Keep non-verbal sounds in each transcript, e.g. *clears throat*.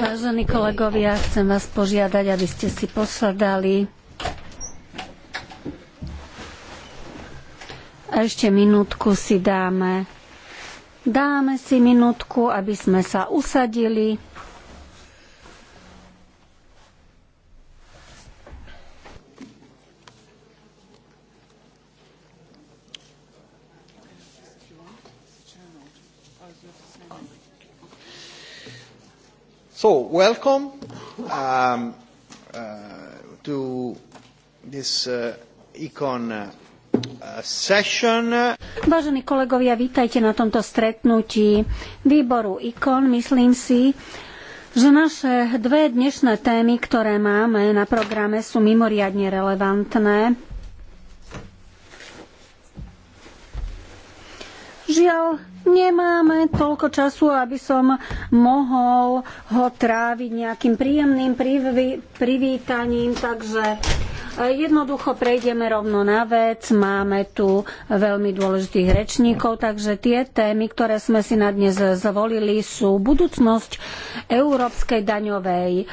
Vážení kolegovia, chcem vás požiadať, aby ste si posadali. A ešte minútku si dáme. Dáme si minútku, aby sme sa usadili. So, welcome um, uh, to this uh, econ uh, uh session. Vážení kolegovia, vítajte na tomto stretnutí výboru ICON. Myslím si, že naše dve dnešné témy, ktoré máme na programe, sú mimoriadne relevantné. Žiaľ, nemáme toľko času, aby som mohol ho tráviť nejakým príjemným privý, privítaním, takže eh, Jednoducho prejdeme rovno na vec. Máme tu veľmi dôležitých rečníkov, takže tie témy, ktoré sme si na dnes zvolili, sú budúcnosť európskej daňovej eh,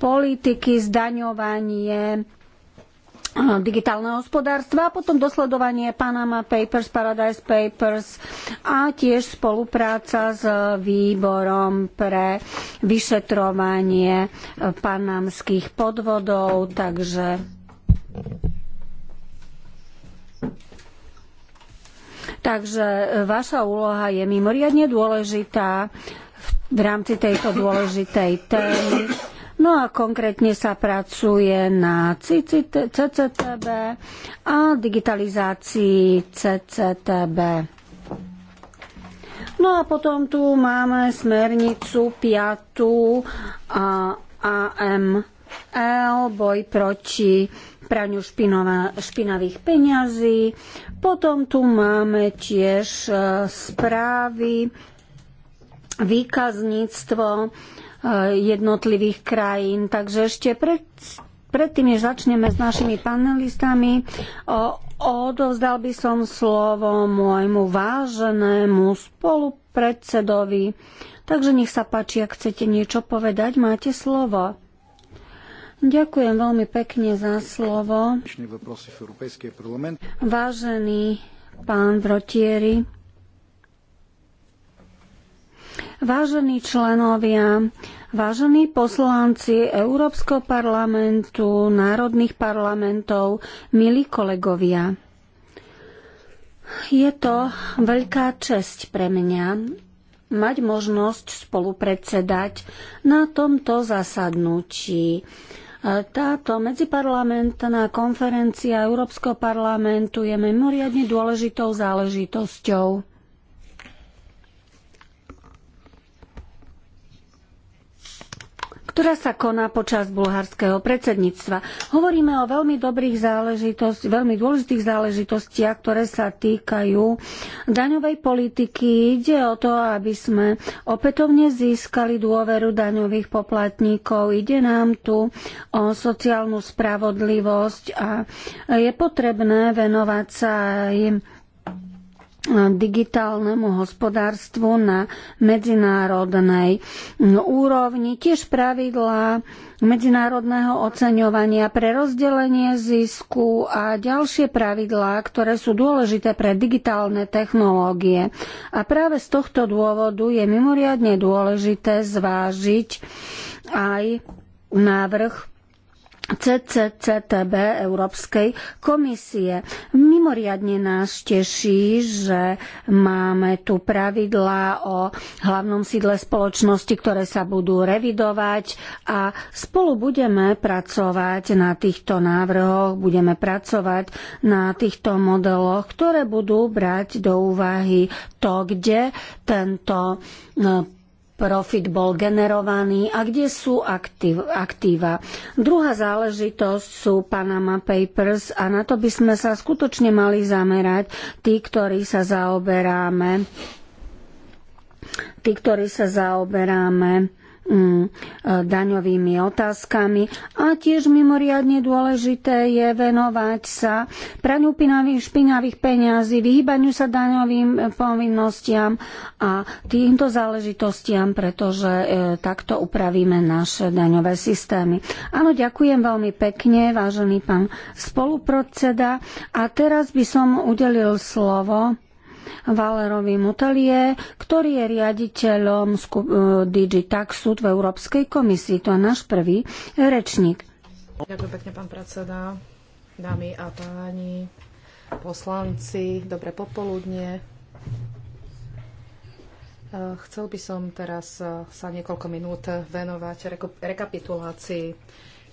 politiky, zdaňovanie, *clears throat* digitálneho hospodárstva, potom dosledovanie Panama Papers, Paradise Papers a tiež spolupráca s výborom pre vyšetrovanie eh, panamských podvodov, takže Takže eh, vaša úloha je mimoriadne dôležitá v rámci tejto dôležitej témy No a konkrétne sa pracuje na CCTB a digitalizácii CCTB. No a potom tu máme smernicu 5 a AML, boj proti praniu špinová, špinavých peňazí. Potom tu máme tiež e, správy, výkazníctvo, Eh, jednotlivých krajín. Takže ešte pred, predtým, než začneme s našimi panelistami, o, odovzdal by som slovo môjmu váženému spolupredsedovi. Takže nech sa páči, ak chcete niečo povedať, máte slovo. Ďakujem veľmi pekne za slovo. Vážený pán Brotieri, Vážení členovia, vážení poslanci Európskeho parlamentu, národných parlamentov, milí kolegovia, je to veľká česť pre mňa mať možnosť spolupredsedať na tomto zasadnutí. Táto medziparlamentná konferencia Európskeho parlamentu je mimoriadne dôležitou záležitosťou. ktorá sa koná počas bulharského predsedníctva. Hovoríme o veľmi dobrých záležitostiach, veľmi dôležitých záležitostiach, ktoré sa týkajú daňovej politiky. Ide o to, aby sme opätovne získali dôveru daňových poplatníkov. Ide nám tu o sociálnu spravodlivosť a je potrebné venovať sa aj digitálnemu hospodárstvu na medzinárodnej mm, úrovni. Tiež pravidlá medzinárodného oceňovania pre rozdelenie zisku a ďalšie pravidlá, ktoré sú dôležité pre digitálne technológie. A práve z tohto dôvodu je mimoriadne dôležité zvážiť aj návrh CCCTB Európskej komisie. Mimoriadne nás teší, že máme tu pravidlá o hlavnom sídle spoločnosti, ktoré sa budú revidovať a spolu budeme pracovať na týchto návrhoch, budeme pracovať na týchto modeloch, ktoré budú brať do úvahy to, kde tento no, profit bol generovaný a kde sú aktív, aktíva. Druhá záležitosť sú Panama Papers a na to by sme sa skutočne mali zamerať, tí, ktorí sa zaoberáme tí, ktorí sa zaoberáme Mm, e, daňovými otázkami a tiež mimoriadne dôležité je venovať sa praniu špinavých peňazí, vyhýbaniu sa daňovým povinnostiam a týmto záležitostiam, pretože e, takto upravíme naše daňové systémy. Áno, ďakujem veľmi pekne, vážený pán spoluprodseda. A teraz by som udelil slovo Valerovi Mutelie, ktorý je riaditeľom e, DigiTaxu v Európskej komisii. To je náš prvý rečník. Ďakujem pekne, pán predseda, dámy a páni, poslanci, dobré popoludne. E, chcel by som teraz e, sa niekoľko minút venovať rekapitulácii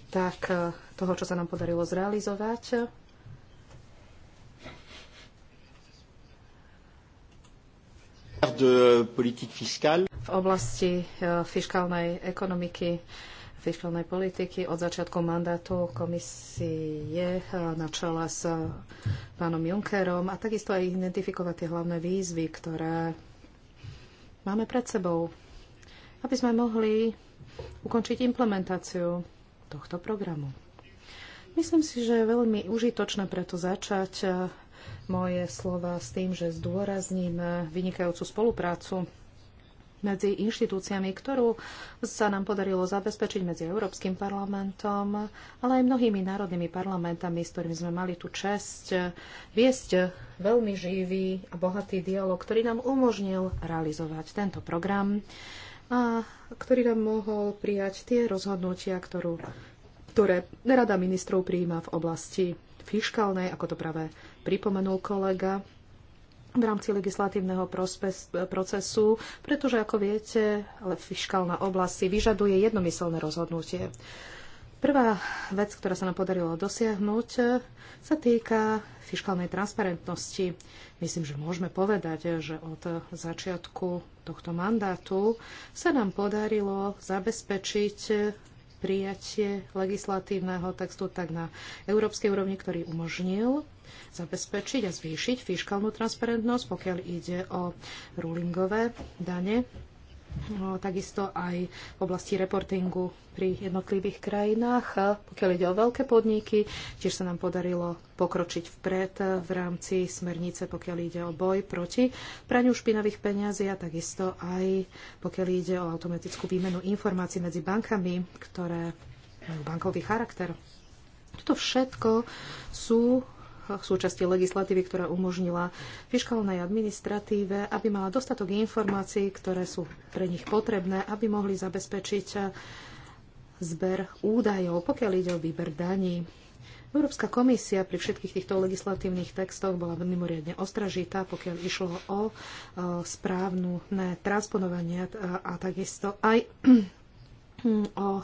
tak toho, čo sa nám podarilo zrealizovať V oblasti eh, fiskálnej ekonomiky fiskálnej politiky od začiatku mandátu komisie eh, na čele s eh, pánom Junckerom a takisto aj identifikovať tie hlavné výzvy, ktoré máme pred sebou, aby sme mohli ukončiť implementáciu tohto programu. Myslím si, že je veľmi užitočné preto začať moje slova s tým, že zdôrazním vynikajúcu spoluprácu medzi inštitúciami, ktorú sa nám podarilo zabezpečiť medzi Európskym parlamentom, ale aj mnohými národnými parlamentami, s ktorými sme mali tú čest viesť veľmi živý a bohatý dialog, ktorý nám umožnil realizovať tento program a ktorý nám mohol prijať tie rozhodnutia, ktorú, ktoré Rada ministrov prijíma v oblasti fiskálnej, ako to práve pripomenul kolega v rámci legislatívneho procesu, pretože, ako viete, ale fiskálna oblasť si vyžaduje jednomyselné rozhodnutie. Prvá vec, ktorá sa nám podarilo dosiahnuť, sa týka fiskálnej transparentnosti. Myslím, že môžeme povedať, že od začiatku tohto mandátu sa nám podarilo zabezpečiť prijatie legislatívneho textu tak na európskej úrovni, ktorý umožnil zabezpečiť a zvýšiť fiskálnu transparentnosť, pokiaľ ide o rulingové dane, takisto aj v oblasti reportingu pri jednotlivých krajinách. Pokiaľ ide o veľké podniky, tiež sa nám podarilo pokročiť vpred v rámci smernice, pokiaľ ide o boj proti praniu špinavých peňazí a takisto aj pokiaľ ide o automatickú výmenu informácií medzi bankami, ktoré majú bankový charakter. Toto všetko sú súčasti legislatívy, ktorá umožnila fiskálnej administratíve, aby mala dostatok informácií, ktoré sú pre nich potrebné, aby mohli zabezpečiť zber údajov, pokiaľ ide o výber daní. Európska komisia pri všetkých týchto legislatívnych textoch bola mimoriadne ostražitá, pokiaľ išlo o e, správnu transponovanie a, a takisto aj *clears throat* o e,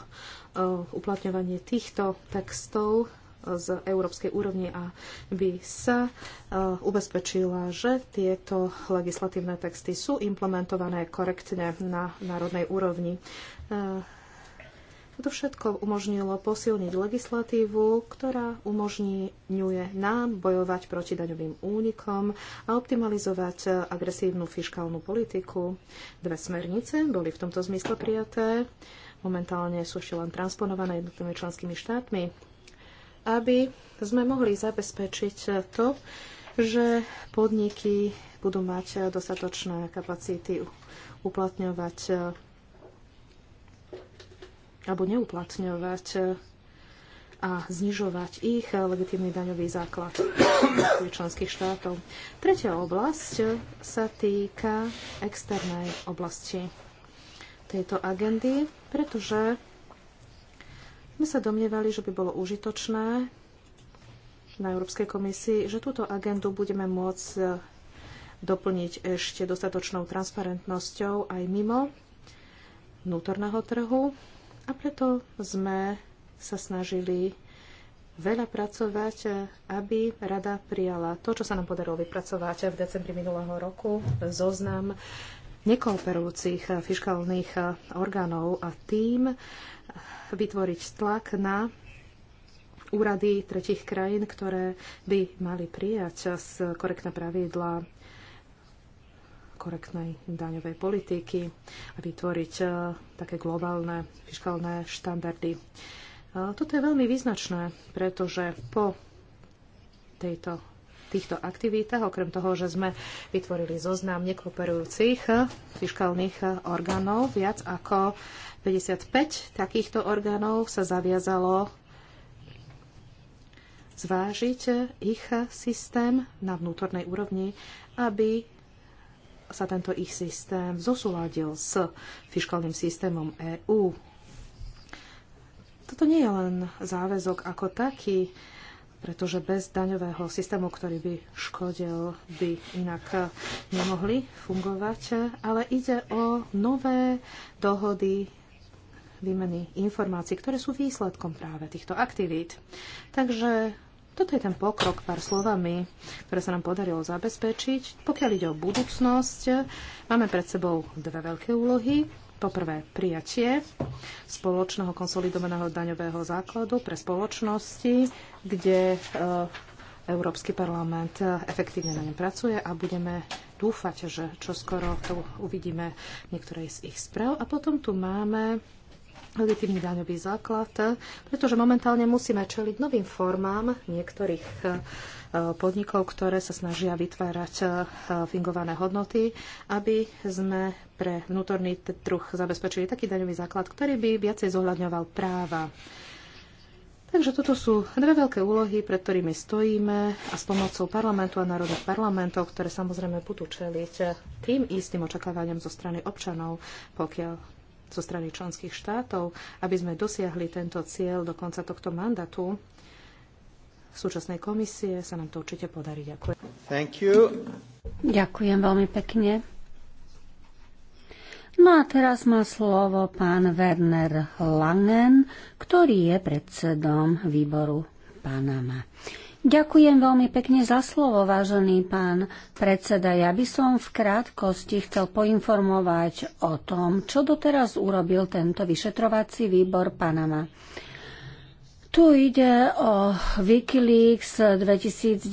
uplatňovanie týchto textov z európskej úrovni, aby sa e, ubezpečila, že tieto legislatívne texty sú implementované korektne na národnej úrovni. E, to všetko umožnilo posilniť legislatívu, ktorá umožňuje nám bojovať proti daňovým únikom a optimalizovať agresívnu fiskálnu politiku. Dve smernice boli v tomto zmysle prijaté. Momentálne sú ešte len transponované jednotlivými členskými štátmi aby sme mohli zabezpečiť to, že podniky budú mať dostatočné kapacity uplatňovať alebo neuplatňovať a znižovať ich legitímny daňový základ členských štátov. Tretia oblasť sa týka externej oblasti tejto agendy, pretože my sa domnievali, že by bolo užitočné na Európskej komisii, že túto agendu budeme môcť e, doplniť ešte dostatočnou transparentnosťou aj mimo vnútorného trhu a preto sme sa snažili veľa pracovať, e, aby rada prijala to, čo sa nám podarilo vypracovať v decembri minulého roku, zoznam nekooperujúcich eh, fiškálnych eh, orgánov a tým vytvoriť tlak na úrady tretich krajín, ktoré by mali prijať korektné pravidlá korektnej daňovej politiky a vytvoriť eh, také globálne fiskálne štandardy. Toto je veľmi význačné, pretože po tejto týchto aktivitách, okrem toho, že sme vytvorili zoznam nekooperujúcich fiskálnych orgánov, viac ako 55 takýchto orgánov sa zaviazalo zvážiť ich systém na vnútornej úrovni, aby sa tento ich systém zosúladil s fiskálnym systémom EÚ. Toto nie je len záväzok ako taký, pretože bez daňového systému, ktorý by škodil, by inak eh, nemohli fungovať. Ale ide o nové dohody výmeny informácií, ktoré sú výsledkom práve týchto aktivít. Takže toto je ten pokrok pár slovami, ktoré sa nám podarilo zabezpečiť. Pokiaľ ide o budúcnosť, máme pred sebou dve veľké úlohy. Poprvé, prijatie spoločného konsolidovaného daňového základu pre spoločnosti, kde eh, Európsky parlament eh, efektívne na ňom pracuje a budeme dúfať, že čoskoro tu uvidíme niektorej z ich správ. A potom tu máme legitímny daňový základ, pretože momentálne musíme čeliť novým formám niektorých e, podnikov, ktoré sa snažia vytvárať e, fingované hodnoty, aby sme pre vnútorný trh zabezpečili taký daňový základ, ktorý by viacej zohľadňoval práva. Takže toto sú dve veľké úlohy, pred ktorými stojíme a s pomocou parlamentu a národných parlamentov, ktoré samozrejme budú čeliť e, tým istým očakávaniam zo strany občanov, pokiaľ zo strany členských štátov, aby sme dosiahli tento cieľ do konca tohto mandátu súčasnej komisie, sa nám to určite podarí. Ďakujem. Thank you. Ďakujem veľmi pekne. No a teraz má slovo pán Werner Langen, ktorý je predsedom výboru Panama. Ďakujem veľmi pekne za slovo, vážený pán predseda. Ja by som v krátkosti chcel poinformovať o tom, čo doteraz urobil tento vyšetrovací výbor Panama. Tu ide o Wikileaks 2010,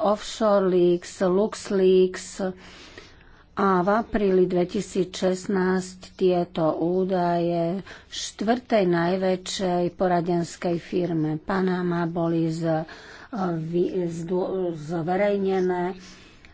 Offshore Leaks, LuxLeaks, a v apríli 2016 tieto údaje štvrtej najväčšej poradenskej firme Panama boli z, e, z, zverejnené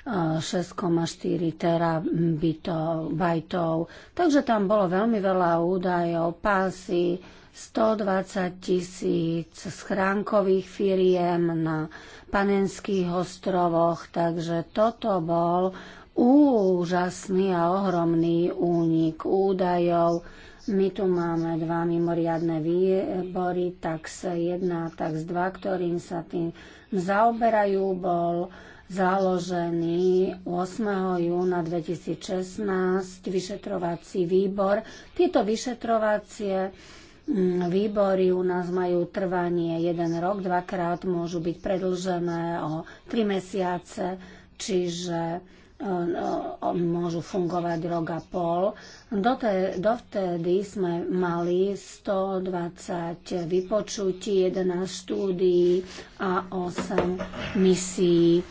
6,4 e, terabajtov. Takže tam bolo veľmi veľa údajov, pásy, 120 tisíc schránkových firiem na Panenských ostrovoch, takže toto bol úžasný a ohromný únik údajov. My tu máme dva mimoriadne výbory, tax jedna, tak tax dva, ktorým sa tým zaoberajú. Bol založený 8. júna 2016 vyšetrovací výbor. Tieto vyšetrovacie mm, Výbory u nás majú trvanie jeden rok, dvakrát môžu byť predlžené o tri mesiace, čiže E, e, môžu fungovať rok a pol. Dovtedy sme mali 120 vypočutí, 11 štúdií a 8 misií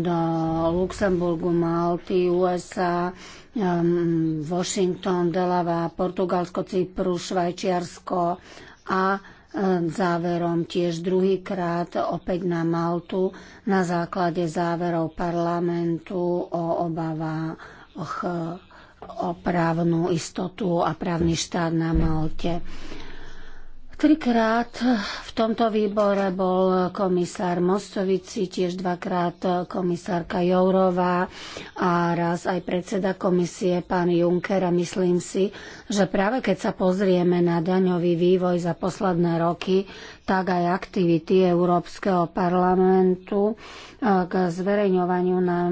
do Luxemburgu, Malty, USA, Washington, Delava, Portugalsko, Cypru, Švajčiarsko a záverom tiež druhýkrát opäť na Maltu na základe záverov parlamentu o obavách o právnu istotu a právny štát na Malte. Trikrát v tomto výbore bol komisár Mostovici, tiež dvakrát komisárka Jourová a raz aj predseda komisie pán Juncker a myslím si, že práve keď sa pozrieme na daňový vývoj za posledné roky, tak aj aktivity Európskeho parlamentu eh, k zverejňovaniu na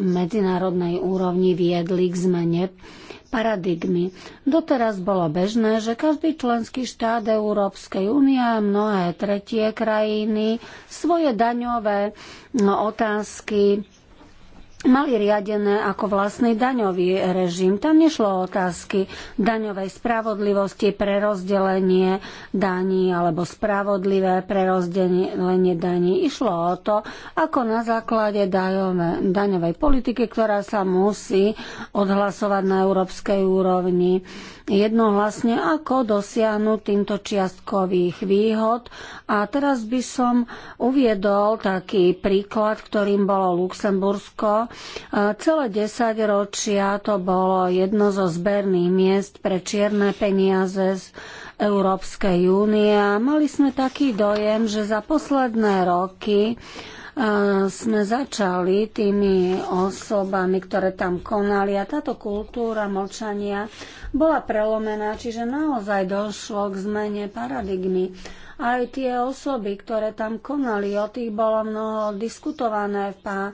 medzinárodnej úrovni viedli k zmene paradigmy. Doteraz bolo bežné, že každý členský štát Európskej únie a mnohé tretie krajiny svoje daňové no, otázky mali riadené ako vlastný daňový režim. Tam nešlo o otázky daňovej spravodlivosti pre rozdelenie daní alebo spravodlivé pre rozdelenie daní. Išlo o to, ako na základe daňovej politiky, ktorá sa musí odhlasovať na európskej úrovni jednohlasne, ako dosiahnuť týmto čiastkových výhod. A teraz by som uviedol taký príklad, ktorým bolo Luxembursko, Celé 10 ročia to bolo jedno zo zberných miest pre čierne peniaze z Európskej únie a mali sme taký dojem, že za posledné roky e, sme začali tými osobami, ktoré tam konali a táto kultúra mlčania bola prelomená, čiže naozaj došlo k zmene paradigmy. Aj tie osoby, ktoré tam konali, o tých bolo mnoho diskutované v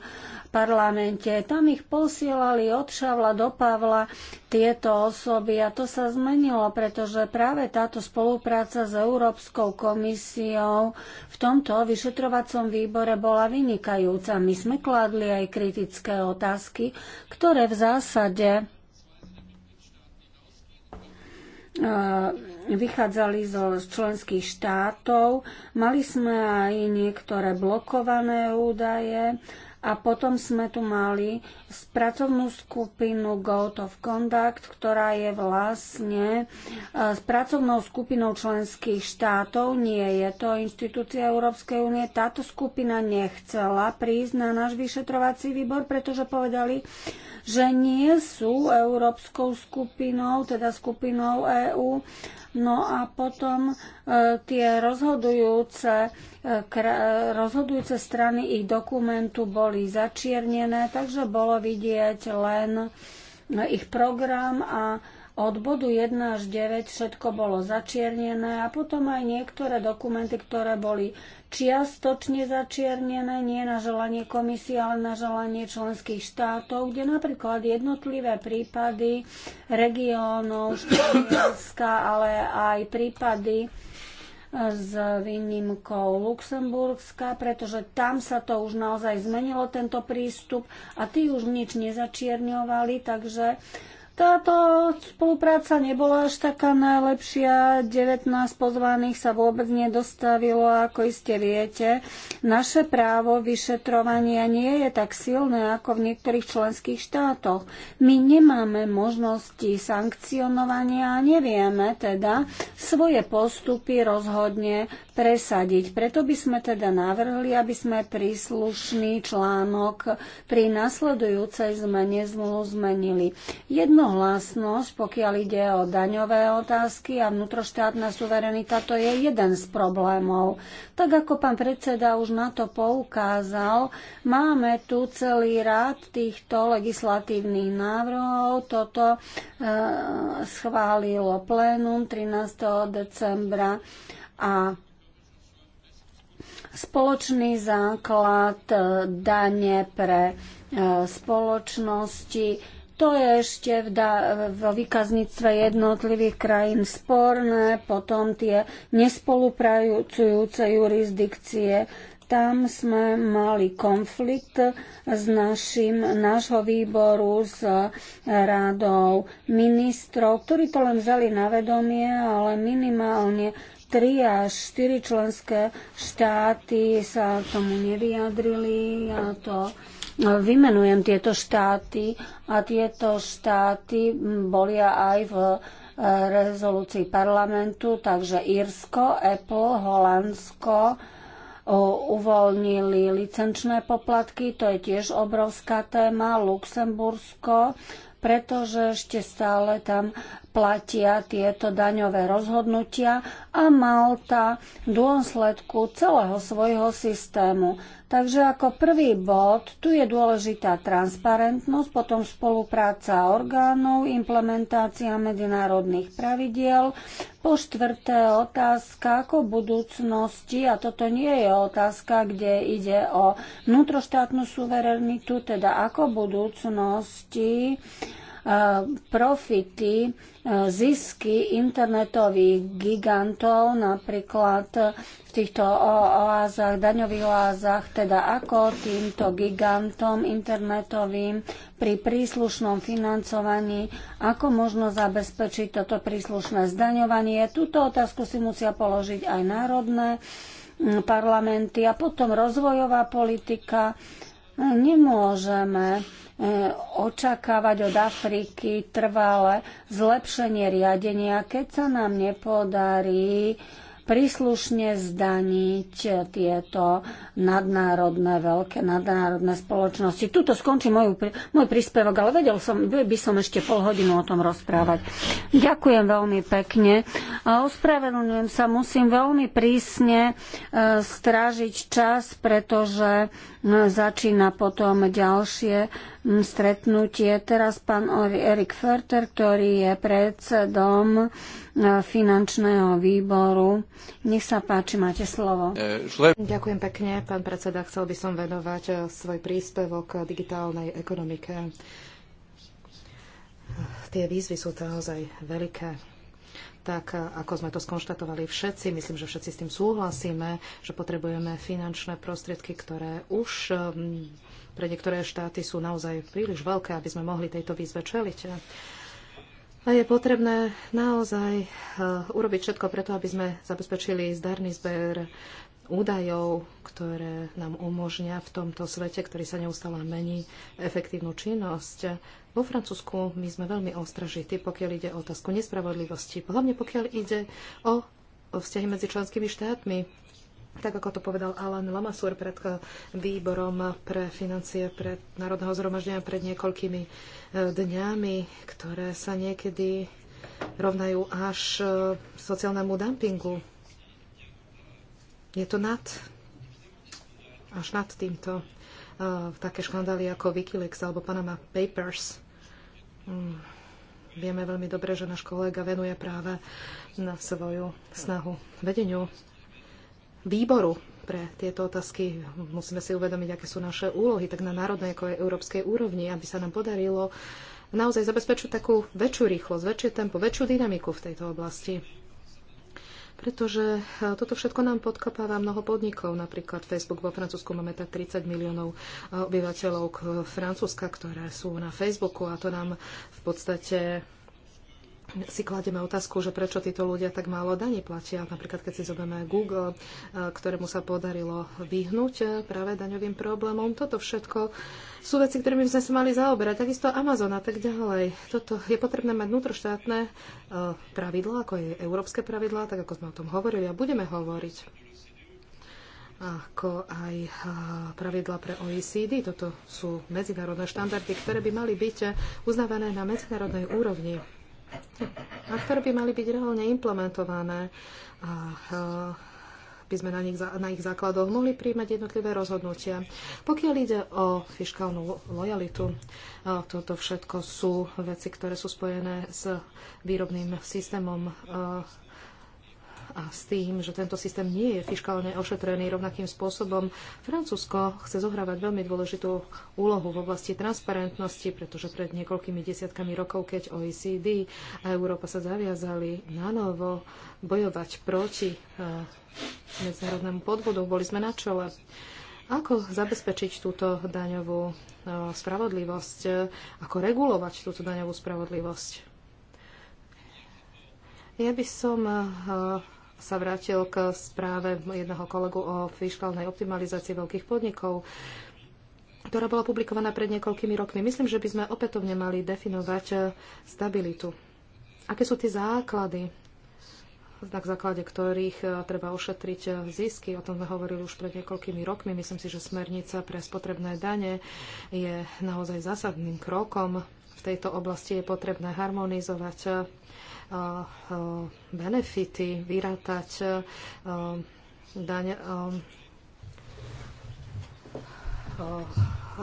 parlamente. Tam ich posielali od Šavla do Pavla tieto osoby a to sa zmenilo, pretože práve táto spolupráca s Európskou komisiou v tomto vyšetrovacom výbore bola vynikajúca. My sme kladli aj kritické otázky, ktoré v zásade e, vychádzali zo členských štátov. Mali sme aj niektoré blokované údaje a potom sme tu mali pracovnú skupinu Goat of Conduct, ktorá je vlastne e, s pracovnou skupinou členských štátov. Nie je to inštitúcia Európskej únie. Táto skupina nechcela prísť na náš vyšetrovací výbor, pretože povedali, že nie sú európskou skupinou, teda skupinou EÚ. EU No a potom e, tie rozhodujúce, e, rozhodujúce strany ich dokumentu boli začiernené, takže bolo vidieť len e, ich program a od bodu 1 až 9 všetko bolo začiernené a potom aj niektoré dokumenty, ktoré boli čiastočne začiernené, nie na želanie komisie, ale na želanie členských štátov, kde napríklad jednotlivé prípady regiónov Španielska, ale aj prípady e, s výnimkou Luxemburska, pretože tam sa to už naozaj zmenilo, tento prístup, a tí už nič nezačierňovali, takže táto spolupráca nebola až taká najlepšia. 19 pozvaných sa vôbec nedostavilo, ako iste viete. Naše právo vyšetrovania nie je tak silné ako v niektorých členských štátoch. My nemáme možnosti sankcionovania a nevieme teda svoje postupy rozhodne presadiť. Preto by sme teda navrhli, aby sme príslušný článok pri nasledujúcej zmene zmluv zmenili. Jednohlasnosť, pokiaľ ide o daňové otázky a vnútroštátna suverenita, to je jeden z problémov. Tak ako pán predseda už na to poukázal, máme tu celý rád týchto legislatívnych návrhov. Toto e, schválilo plénum 13. decembra a spoločný základ e, dane pre e, spoločnosti, to je ešte v da- vo výkaznictve jednotlivých krajín sporné, potom tie nespolupracujúce jurisdikcie. Tam sme mali konflikt s našim, nášho výboru, s e, rádou ministrov, ktorí to len vzali na vedomie, ale minimálne Tri až štyri členské štáty sa tomu nevyjadrili. Ja to no, vymenujem tieto štáty a tieto štáty boli aj v e, rezolúcii parlamentu, takže Írsko, Apple, Holandsko, e, uvoľnili licenčné poplatky, to je tiež obrovská téma, Luxembursko, pretože ešte stále tam platia tieto daňové rozhodnutia a Malta v dôsledku celého svojho systému. Takže ako prvý bod, tu je dôležitá transparentnosť, potom spolupráca orgánov, implementácia medzinárodných pravidiel, po štvrté otázka ako budúcnosti, a toto nie je otázka, kde ide o vnútroštátnu suverenitu, teda ako budúcnosti, profity, e, zisky internetových gigantov, napríklad v týchto oázach, daňových oázach, teda ako týmto gigantom internetovým pri príslušnom financovaní, ako možno zabezpečiť toto príslušné zdaňovanie. Túto otázku si musia položiť aj národné parlamenty a potom rozvojová politika. Nemôžeme očakávať od Afriky trvalé zlepšenie riadenia, keď sa nám nepodarí príslušne zdaniť tieto nadnárodné, veľké nadnárodné spoločnosti. Tuto skončí môj, môj príspevok, ale vedel som, by som ešte pol hodinu o tom rozprávať. Ďakujem veľmi pekne. Ospravedlňujem sa, musím veľmi prísne e, strážiť čas, pretože e, začína potom ďalšie stretnutie. Teraz pán Erik Ferter, ktorý je predsedom e, finančného výboru. Nech sa páči, máte slovo. Ďakujem pekne, Pán predseda, chcel by som venovať eh, svoj príspevok digitálnej ekonomike. Tie výzvy sú naozaj veľké tak eh, ako sme to skonštatovali všetci, myslím, že všetci s tým súhlasíme, že potrebujeme finančné prostriedky, ktoré už mm, pre niektoré štáty sú naozaj príliš veľké, aby sme mohli tejto výzve čeliť. A je potrebné naozaj eh, urobiť všetko preto, aby sme zabezpečili zdarný zber údajov, ktoré nám umožňa v tomto svete, ktorý sa neustále mení, efektívnu činnosť. Vo Francúzsku my sme veľmi ostražití, pokiaľ ide o otázku nespravodlivosti, hlavne pokiaľ ide o vzťahy medzi členskými štátmi. Tak ako to povedal Alan Lamassur pred výborom pre financie pre Národného zhromaždenia pred niekoľkými e, dňami, ktoré sa niekedy rovnajú až e, sociálnemu dumpingu. Je to nad, až nad týmto uh, také škandály ako Wikileaks alebo Panama Papers. Mm, vieme veľmi dobre, že náš kolega venuje práve na svoju snahu vedeniu výboru pre tieto otázky. Musíme si uvedomiť, aké sú naše úlohy, tak na národnej ako aj európskej úrovni, aby sa nám podarilo naozaj zabezpečiť takú väčšiu rýchlosť, väčšie tempo, väčšiu dynamiku v tejto oblasti pretože e, toto všetko nám podkapáva mnoho podnikov. Napríklad Facebook vo Francúzsku máme tak 30 miliónov e, obyvateľov Francúzska, ktoré sú na Facebooku a to nám v podstate si kladieme otázku, že prečo títo ľudia tak málo daní platia. Napríklad, keď si zoberieme Google, e, ktorému sa podarilo vyhnúť e, práve daňovým problémom. Toto všetko sú veci, ktorými sme sa mali zaoberať. Takisto Amazon a tak ďalej. Toto je potrebné mať vnútroštátne e, pravidlá, ako je európske pravidlá, tak ako sme o tom hovorili a budeme hovoriť ako aj pravidla pre OECD. Toto sú medzinárodné štandardy, ktoré by mali byť uznávané na medzinárodnej úrovni a ktoré by mali byť reálne implementované. A, e, by sme na, nich, na ich základoch mohli príjmať jednotlivé rozhodnutia. Pokiaľ ide o fiskálnu lojalitu, e, toto všetko sú veci, ktoré sú spojené s výrobným systémom e, a s tým, že tento systém nie je fiskálne ošetrený rovnakým spôsobom, Francúzsko chce zohrávať veľmi dôležitú úlohu v oblasti transparentnosti, pretože pred niekoľkými desiatkami rokov, keď OECD a Európa sa zaviazali na novo bojovať proti e, medzinárodnému podvodu, boli sme na čele. Ako zabezpečiť túto daňovú e, spravodlivosť? Ako regulovať túto daňovú spravodlivosť? Ja by som e, sa vrátil k správe jedného kolegu o fiskálnej optimalizácii veľkých podnikov ktorá bola publikovaná pred niekoľkými rokmi. Myslím, že by sme opätovne mali definovať e, stabilitu. Aké sú tie základy, na základe ktorých e, treba ošetriť e, zisky? O tom sme hovorili už pred niekoľkými rokmi. Myslím si, že smernica pre spotrebné dane je naozaj zásadným krokom. V tejto oblasti je potrebné harmonizovať benefity, vyrátať daň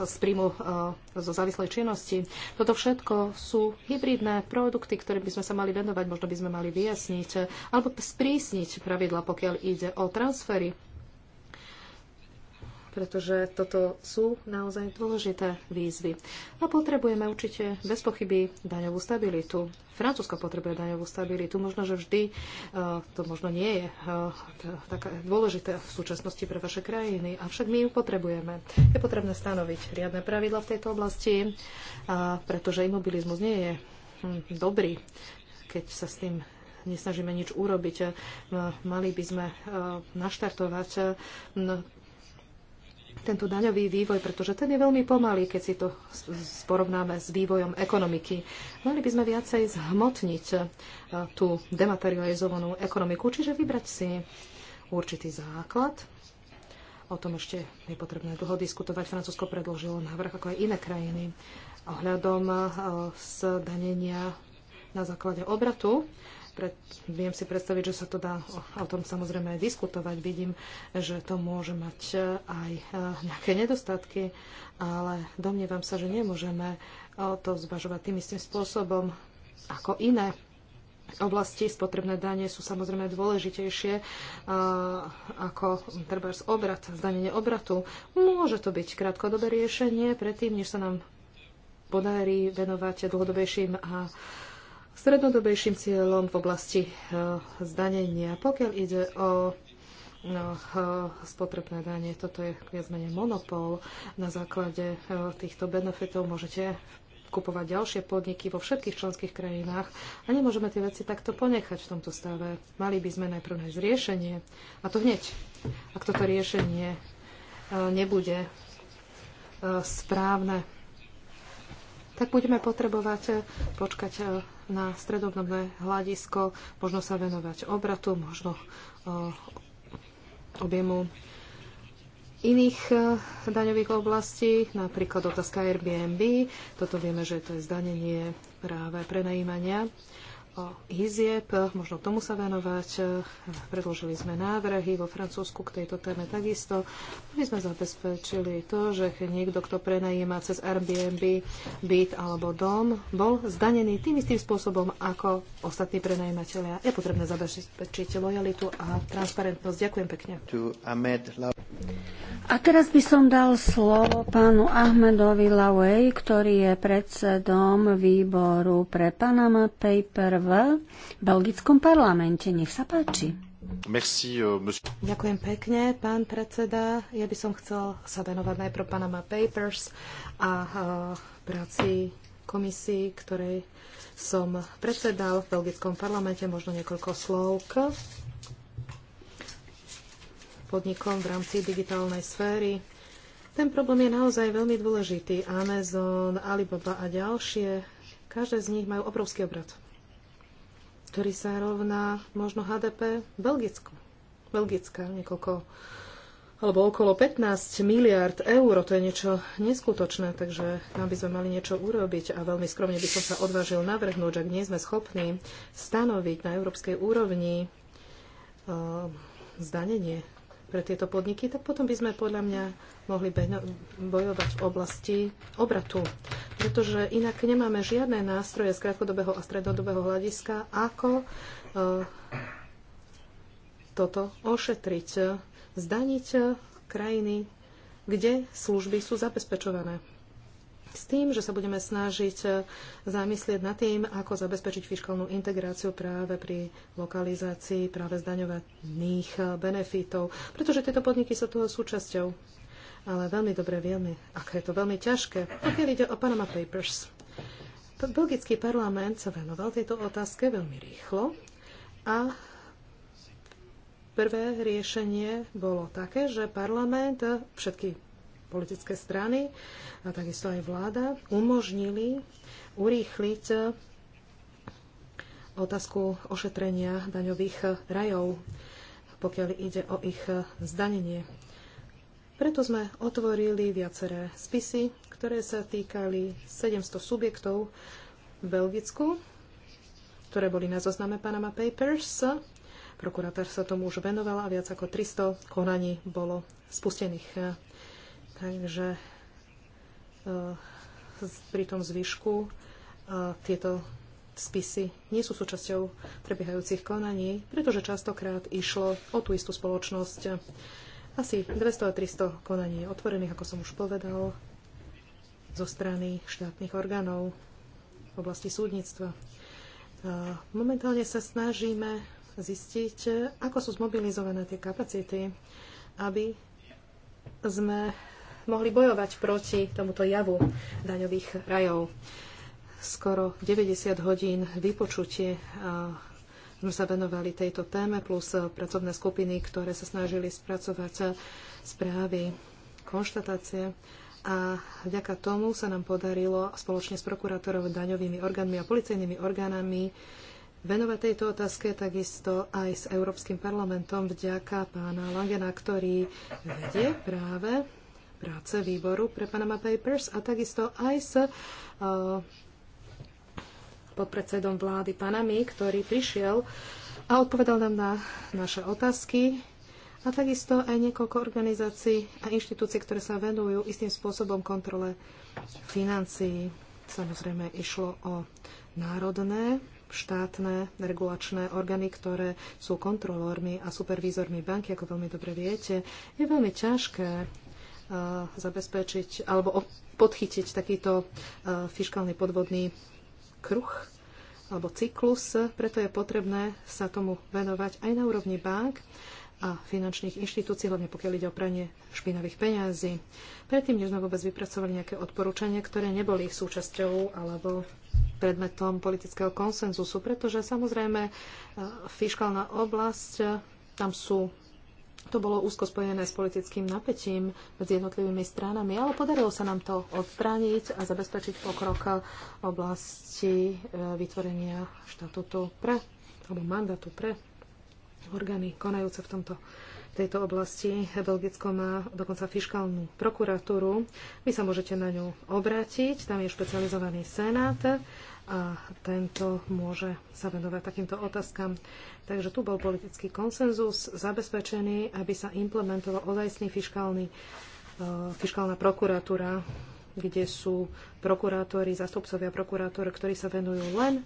z príjmu zo závislej činnosti. Toto všetko sú hybridné produkty, ktoré by sme sa mali venovať, možno by sme mali vyjasniť alebo sprísniť pravidla, pokiaľ ide o transfery pretože toto sú naozaj dôležité výzvy. A potrebujeme určite bez pochyby daňovú stabilitu. Francúzsko potrebuje daňovú stabilitu. Možno, že vždy e, to možno nie je e, také e, dôležité v súčasnosti pre vaše krajiny, avšak my ju potrebujeme. Je potrebné stanoviť riadne pravidla v tejto oblasti, pretože imobilizmus nie je hm, dobrý, keď sa s tým nesnažíme nič urobiť. Mali by sme naštartovať tento daňový vývoj, pretože ten je veľmi pomalý, keď si to porovnáme s vývojom ekonomiky. Mali by sme viacej zhmotniť e, tú dematerializovanú ekonomiku, čiže vybrať si určitý základ. O tom ešte je potrebné dlho diskutovať. Francúzsko predložilo návrh, ako aj iné krajiny, ohľadom e, zdanenia na základe obratu pred, viem si predstaviť, že sa to dá o tom samozrejme aj diskutovať. Vidím, že to môže mať e, aj e, nejaké nedostatky, ale domnievam sa, že nemôžeme e, to zvažovať tým istým spôsobom ako iné oblasti spotrebné dane sú samozrejme dôležitejšie ako treba obrat, zdanenie obratu. Môže to byť krátkodobé riešenie predtým, než sa nám podarí venovať dlhodobejším a strednodobejším cieľom v oblasti eh, zdanenia. Pokiaľ ide o No, eh, spotrebné danie, toto je viac menej monopol. Na základe eh, týchto benefitov môžete kupovať ďalšie podniky vo všetkých členských krajinách a nemôžeme tie veci takto ponechať v tomto stave. Mali by sme najprv nájsť riešenie a to hneď. Ak toto riešenie nebude správne tak budeme potrebovať e, počkať e, na stredobnobné hľadisko, možno sa venovať obratu, možno e, objemu iných daňových oblastí, napríklad otázka Airbnb. Toto vieme, že to je zdanenie práve prenajímania izieb, možno tomu sa venovať. Predložili sme návrhy vo Francúzsku k tejto téme takisto, My sme zabezpečili to, že niekto, kto prenajíma cez Airbnb byt alebo dom, bol zdanený tým istým spôsobom ako ostatní prenajímatelia. Je potrebné zabezpečiť lojalitu a transparentnosť. Ďakujem pekne. A teraz by som dal slovo pánu Ahmedovi Lawey, ktorý je predsedom výboru pre Panama Paper v belgickom parlamente. Nech sa páči. Merci, uh, Ďakujem pekne, pán predseda. Ja by som chcel sa venovať najprv Panama Papers a eh, práci komisii, ktorej som predsedal v belgickom parlamente, možno niekoľko slov k podnikom v rámci digitálnej sféry. Ten problém je naozaj veľmi dôležitý. Amazon, Alibaba a ďalšie, každé z nich majú obrovský obrad ktorý sa rovná možno HDP Belgicku. Belgická niekoľko alebo okolo 15 miliard eur, to je niečo neskutočné, takže tam by sme mali niečo urobiť a veľmi skromne by som sa odvážil navrhnúť, ak nie sme schopní stanoviť na európskej úrovni uh, zdanenie pre tieto podniky, tak potom by sme podľa mňa mohli bojovať v oblasti obratu. Pretože inak nemáme žiadne nástroje z krátkodobého a stredodobého hľadiska, ako eh, toto ošetriť, zdaniť krajiny, kde služby sú zabezpečované. S tým, že sa budeme snažiť eh, zamyslieť nad tým, ako zabezpečiť fiskálnu integráciu práve pri lokalizácii práve zdaňovaných eh, benefitov, pretože tieto podniky sú toho súčasťou ale veľmi dobre vieme, aké je to veľmi ťažké, pokiaľ ide o Panama Papers. Belgický parlament sa venoval tejto otázke veľmi rýchlo a prvé riešenie bolo také, že parlament, všetky politické strany a takisto aj vláda umožnili urýchliť otázku ošetrenia daňových rajov, pokiaľ ide o ich zdanenie. Preto sme otvorili viaceré spisy, ktoré sa týkali 700 subjektov v Belgicku, ktoré boli na zozname Panama Papers. Prokurátor sa tomu už venoval a viac ako 300 konaní bolo spustených. Takže e, pri tom zvyšku e, tieto spisy nie sú súčasťou prebiehajúcich konaní, pretože častokrát išlo o tú istú spoločnosť asi 200-300 konaní otvorených, ako som už povedal, zo strany štátnych orgánov v oblasti súdnictva. Momentálne sa snažíme zistiť, ako sú zmobilizované tie kapacity, aby sme mohli bojovať proti tomuto javu daňových rajov. Skoro 90 hodín vypočutie sme sa venovali tejto téme, plus eh, pracovné skupiny, ktoré sa snažili spracovať eh, správy, konštatácie. A vďaka tomu sa nám podarilo spoločne s prokurátorov, daňovými orgánmi a policajnými orgánami venovať tejto otázke takisto aj s Európskym parlamentom vďaka pána Langena, ktorý vedie práve práce výboru pre Panama Papers a takisto aj s uh, podpredsedom vlády panami, ktorý prišiel a odpovedal nám na naše otázky a takisto aj niekoľko organizácií a inštitúcií, ktoré sa venujú istým spôsobom kontrole financií. Samozrejme išlo o národné, štátne, regulačné orgány, ktoré sú kontrolórmi a supervízormi banky, ako veľmi dobre viete. Je veľmi ťažké uh, zabezpečiť alebo podchytiť takýto uh, fiskálny podvodný kruh alebo cyklus, preto je potrebné sa tomu venovať aj na úrovni bank a finančných inštitúcií, hlavne pokiaľ ide o pranie špinavých peňazí. Predtým, než sme vôbec vypracovali nejaké odporúčania, ktoré neboli súčasťou alebo predmetom politického konsenzusu, pretože samozrejme e, fiskálna oblasť, e, tam sú to bolo úzko spojené s politickým napätím medzi jednotlivými stranami, ale podarilo sa nám to odstrániť a zabezpečiť pokrok v oblasti e, vytvorenia štatútu pre, alebo mandátu pre orgány konajúce v tomto v tejto oblasti. Belgicko má dokonca fiškálnu prokuratúru. Vy sa môžete na ňu obrátiť. Tam je špecializovaný senát, a tento môže sa venovať takýmto otázkam. Takže tu bol politický konsenzus zabezpečený, aby sa implementoval odajstný fiskálny, e, fiskálna prokuratúra, kde sú prokurátori, zastupcovia prokurátor, ktorí sa venujú len e,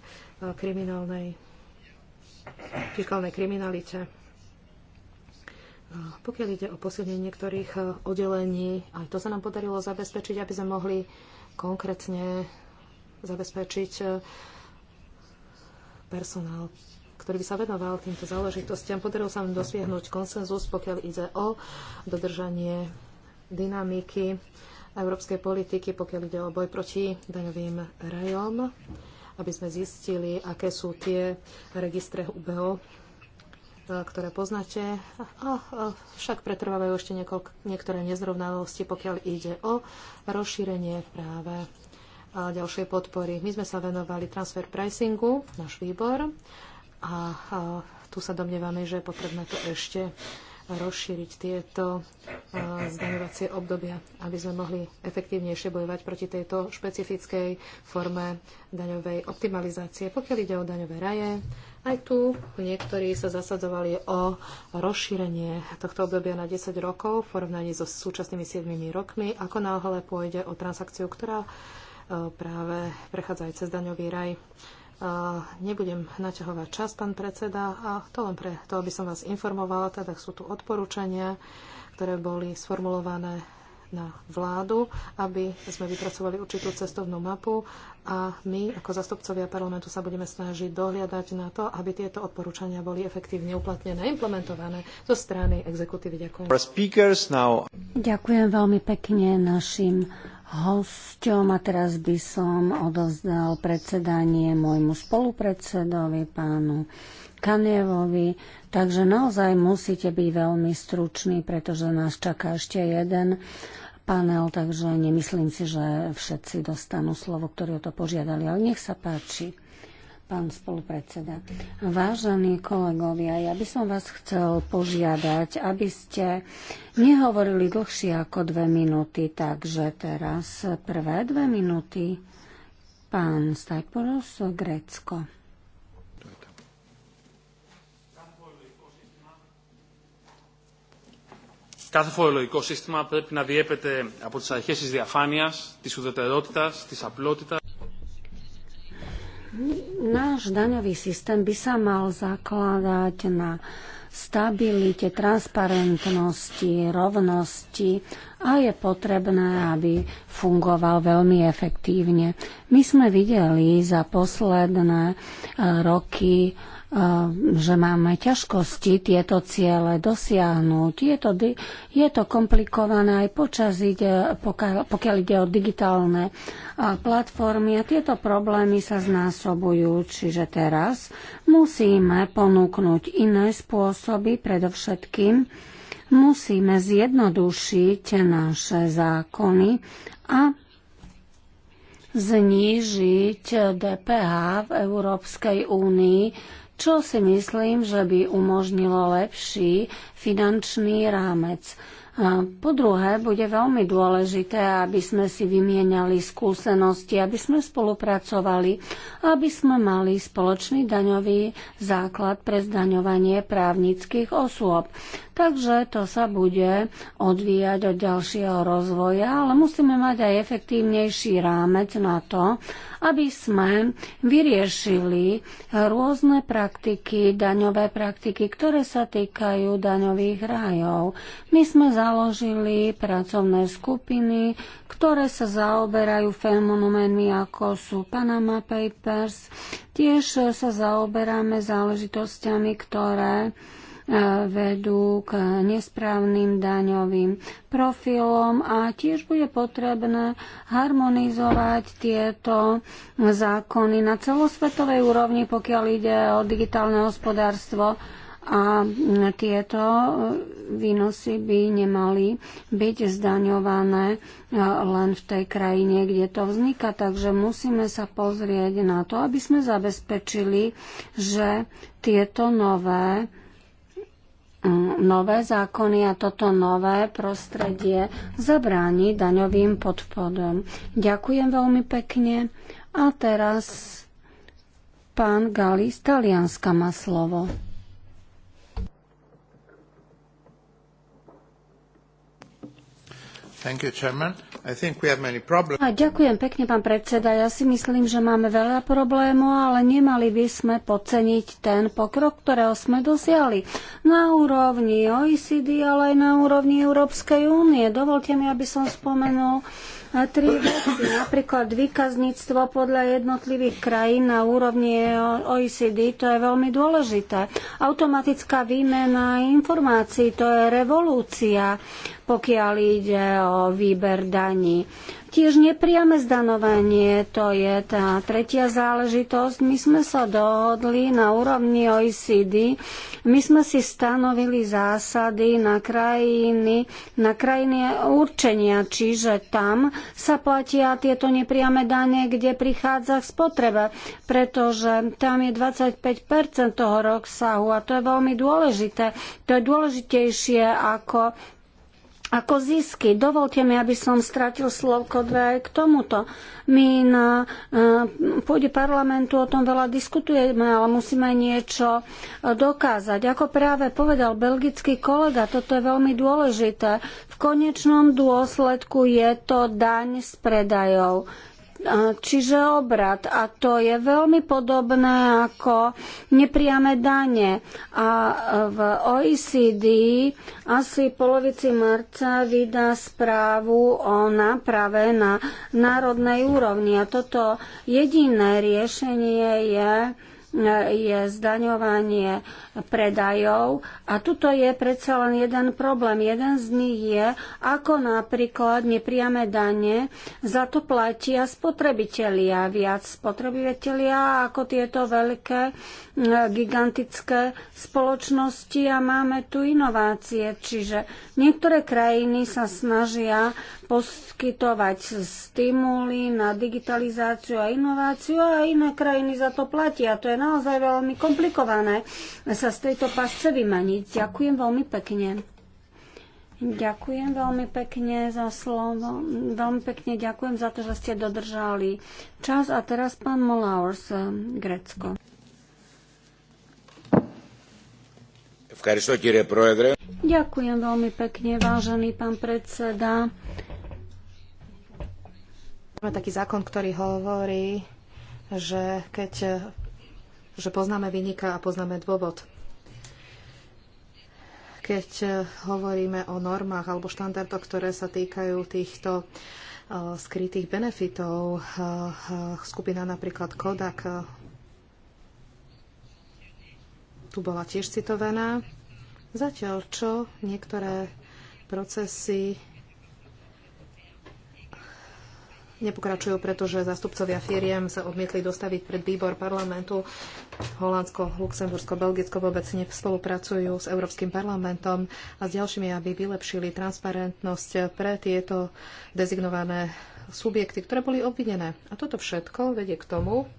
kriminálnej, fiskálnej kriminalite. E, pokiaľ ide o posilnenie niektorých oddelení, aj to sa nám podarilo zabezpečiť, aby sme mohli konkrétne zabezpečiť eh, personál ktorý by sa venoval týmto záležitostiam. Podarilo sa nám dosiahnuť konsenzus, pokiaľ ide o dodržanie dynamiky európskej politiky, pokiaľ ide o boj proti daňovým rajom, aby sme zistili, aké sú tie registre UBO, eh, ktoré poznáte. A, však pretrvávajú ešte niekoľk, niektoré nezrovnalosti, pokiaľ ide o rozšírenie práve ďalšej podpory. My sme sa venovali transfer pricingu, náš výbor, a tu sa domnievame, že je potrebné to ešte rozšíriť tieto zdaňovacie obdobia, aby sme mohli efektívnejšie bojovať proti tejto špecifickej forme daňovej optimalizácie. Pokiaľ ide o daňové raje, aj tu niektorí sa zasadzovali o rozšírenie tohto obdobia na 10 rokov v porovnaní so súčasnými 7 rokmi, ako náhle pôjde o transakciu, ktorá práve prechádzajú cez daňový raj. Nebudem naťahovať čas, pán predseda, a to len pre to, aby som vás informovala, teda sú tu odporúčania, ktoré boli sformulované na vládu, aby sme vypracovali určitú cestovnú mapu a my ako zastupcovia parlamentu sa budeme snažiť dohliadať na to, aby tieto odporúčania boli efektívne uplatnené, a implementované zo strany exekutívy. Ďakujem. Ďakujem veľmi pekne našim hosťom a teraz by som odozdal predsedanie môjmu spolupredsedovi, pánu Kanievovi. Takže naozaj musíte byť veľmi struční, pretože nás čaká ešte jeden panel, takže nemyslím si, že všetci dostanú slovo, ktorí o to požiadali, ale nech sa páči pán spolupredseda. Vážení kolegovia, ja by som vás chcel požiadať, aby ste nehovorili dlhšie ako dve minúty, takže teraz prvé dve minúty pán Stajporos, Grécko. Κάθε φορολογικό σύστημα πρέπει να διέπεται από τις αρχές της διαφάνειας, της ουδετερότητας, της απλότητας. Náš daňový systém by sa mal zakladať na stabilite, transparentnosti, rovnosti a je potrebné, aby fungoval veľmi efektívne. My sme videli za posledné eh, roky Eh, že máme ťažkosti tieto ciele dosiahnuť. Je to, je to komplikované aj počas ide, pokiaľ, pokiaľ ide o digitálne eh, platformy a tieto problémy sa znásobujú, čiže teraz musíme ponúknuť iné spôsoby, predovšetkým musíme zjednodušiť naše zákony a znížiť DPH v Európskej únii čo si myslím, že by umožnilo lepší finančný rámec. Po druhé, bude veľmi dôležité, aby sme si vymieniali skúsenosti, aby sme spolupracovali, aby sme mali spoločný daňový základ pre zdaňovanie právnických osôb. Takže to sa bude odvíjať od ďalšieho rozvoja, ale musíme mať aj efektívnejší rámec na to, aby sme vyriešili rôzne praktiky, daňové praktiky, ktoré sa týkajú daňových rájov. My sme založili pracovné skupiny, ktoré sa zaoberajú fenoménmi ako sú Panama Papers. Tiež sa zaoberáme záležitosťami, ktoré E, vedú k nesprávnym daňovým profilom a tiež bude potrebné harmonizovať tieto zákony na celosvetovej úrovni, pokiaľ ide o digitálne hospodárstvo a tieto výnosy by nemali byť zdaňované e, len v tej krajine, kde to vzniká. Takže musíme sa pozrieť na to, aby sme zabezpečili, že tieto nové Mm, nové zákony a toto nové prostredie zabráni daňovým podpodom. Ďakujem veľmi pekne. A teraz pán Gali z Talianska má slovo. You, ďakujem pekne, pán predseda. Ja si myslím, že máme veľa problémov, ale nemali by sme podceniť ten pokrok, ktorého sme dosiali. na úrovni OECD, ale aj na úrovni Európskej únie. Dovolte mi, aby som spomenul eh, tri veci. Napríklad výkazníctvo podľa jednotlivých krajín na úrovni OECD, to je veľmi dôležité. Automatická výmena informácií, to je revolúcia pokiaľ ide o výber daní. Tiež nepriame zdanovanie, to je tá tretia záležitosť. My sme sa dohodli na úrovni OECD, my sme si stanovili zásady na krajiny, na krajiny určenia, čiže tam sa platia tieto nepriame dane, kde prichádza k spotrebe, pretože tam je 25% toho rozsahu a to je veľmi dôležité. To je dôležitejšie ako ako zisky. Dovolte mi, aby som stratil slovko dve aj k tomuto. My na eh, pôde parlamentu o tom veľa diskutujeme, ale musíme niečo eh, dokázať. Ako práve povedal belgický kolega, toto je veľmi dôležité. V konečnom dôsledku je to daň z predajov čiže obrad. A to je veľmi podobné ako nepriame dane. A v OECD asi polovici marca vydá správu o náprave na národnej úrovni. A toto jediné riešenie je je zdaňovanie predajov a tuto je predsa len jeden problém. Jeden z nich je, ako napríklad nepriame dane, za to platia spotrebitelia, viac spotrebitelia ako tieto veľké gigantické spoločnosti a máme tu inovácie. Čiže niektoré krajiny sa snažia poskytovať stimuly na digitalizáciu a inováciu a iné krajiny za to platia. To je naozaj veľmi komplikované sa z tejto pasce vymaniť. Ďakujem veľmi pekne. Ďakujem veľmi pekne za slovo. Veľmi pekne ďakujem za to, že ste dodržali čas. A teraz pán Molaurs, Grecko. Ďakujem veľmi pekne, vážený pán predseda. Máme taký zákon, ktorý hovorí, že keď že poznáme vynika a poznáme dôvod. Keď hovoríme o normách alebo štandardoch, ktoré sa týkajú týchto eh, skrytých benefitov, eh, eh, skupina napríklad Kodak tu bola tiež citovaná. Zatiaľ čo niektoré procesy nepokračujú, pretože zástupcovia firiem sa odmietli dostaviť pred výbor parlamentu. Holandsko, Luxembursko, Belgicko vôbec nespolupracujú s Európskym parlamentom a s ďalšími, aby vylepšili transparentnosť pre tieto dezignované subjekty, ktoré boli obvinené. A toto všetko vedie k tomu,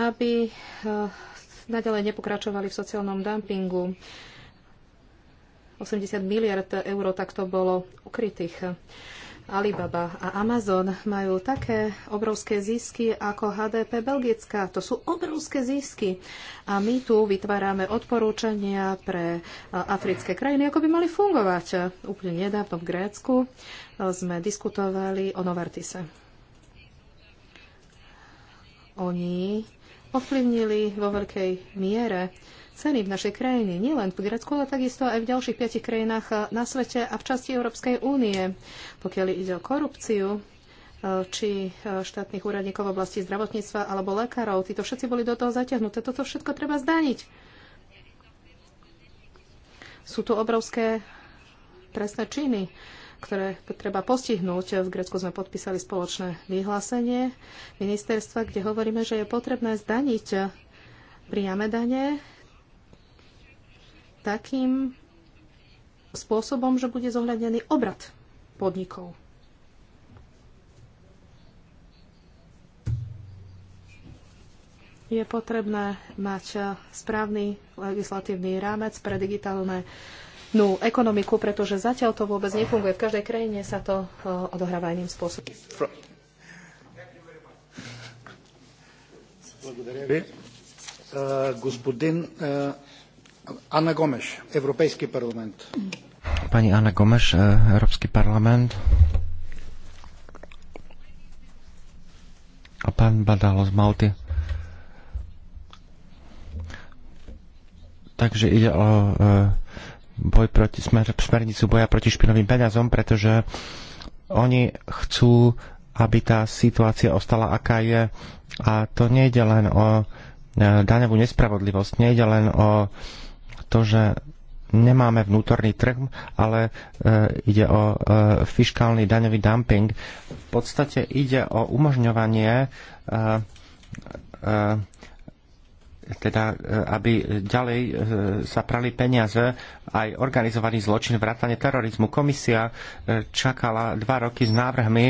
aby eh, nadalej nepokračovali v sociálnom dumpingu. 80 miliard eur takto bolo ukrytých. Alibaba a Amazon majú také obrovské zisky ako HDP Belgická. To sú obrovské zisky. A my tu vytvárame odporúčania pre eh, africké krajiny, ako by mali fungovať. Úplne nedávno v Grécku eh, sme diskutovali o Novartise. Oni ovplyvnili vo veľkej miere ceny v našej krajine, nielen v Grécku, ale takisto aj v ďalších piatich krajinách eh, na svete a v časti Európskej únie. Pokiaľ ide o korupciu, eh, či eh, štátnych úradníkov v oblasti zdravotníctva alebo lekárov. Títo všetci boli do toho zaťahnuté. Toto všetko treba zdaniť. Sú tu obrovské trestné činy ktoré treba postihnúť. V Grecku sme podpísali spoločné vyhlásenie ministerstva, kde hovoríme, že je potrebné zdaniť priame dane takým spôsobom, že bude zohľadnený obrad podnikov. Je potrebné mať správny legislatívny rámec pre digitálne nú ekonomiku, pretože zatiaľ to vôbec nefunguje. V každej krajine sa to eh, odohráva iným spôsobom. Благодаря ви. Господин Анна Гомеш, Европейски парламент. Пани Анна A pán Badalo z Malty. Takže ide o e, boj proti, smer, smernicu boja proti špinovým peňazom, pretože oni chcú, aby tá situácia ostala aká je. A to nejde len o e, daňovú nespravodlivosť, nejde len o to, že nemáme vnútorný trh, ale e, ide o e, fiskálny daňový dumping. V podstate ide o umožňovanie e, e, teda, e, aby ďalej e, sa prali peniaze aj organizovaný zločin, vrátane terorizmu. Komisia e, čakala dva roky s návrhmi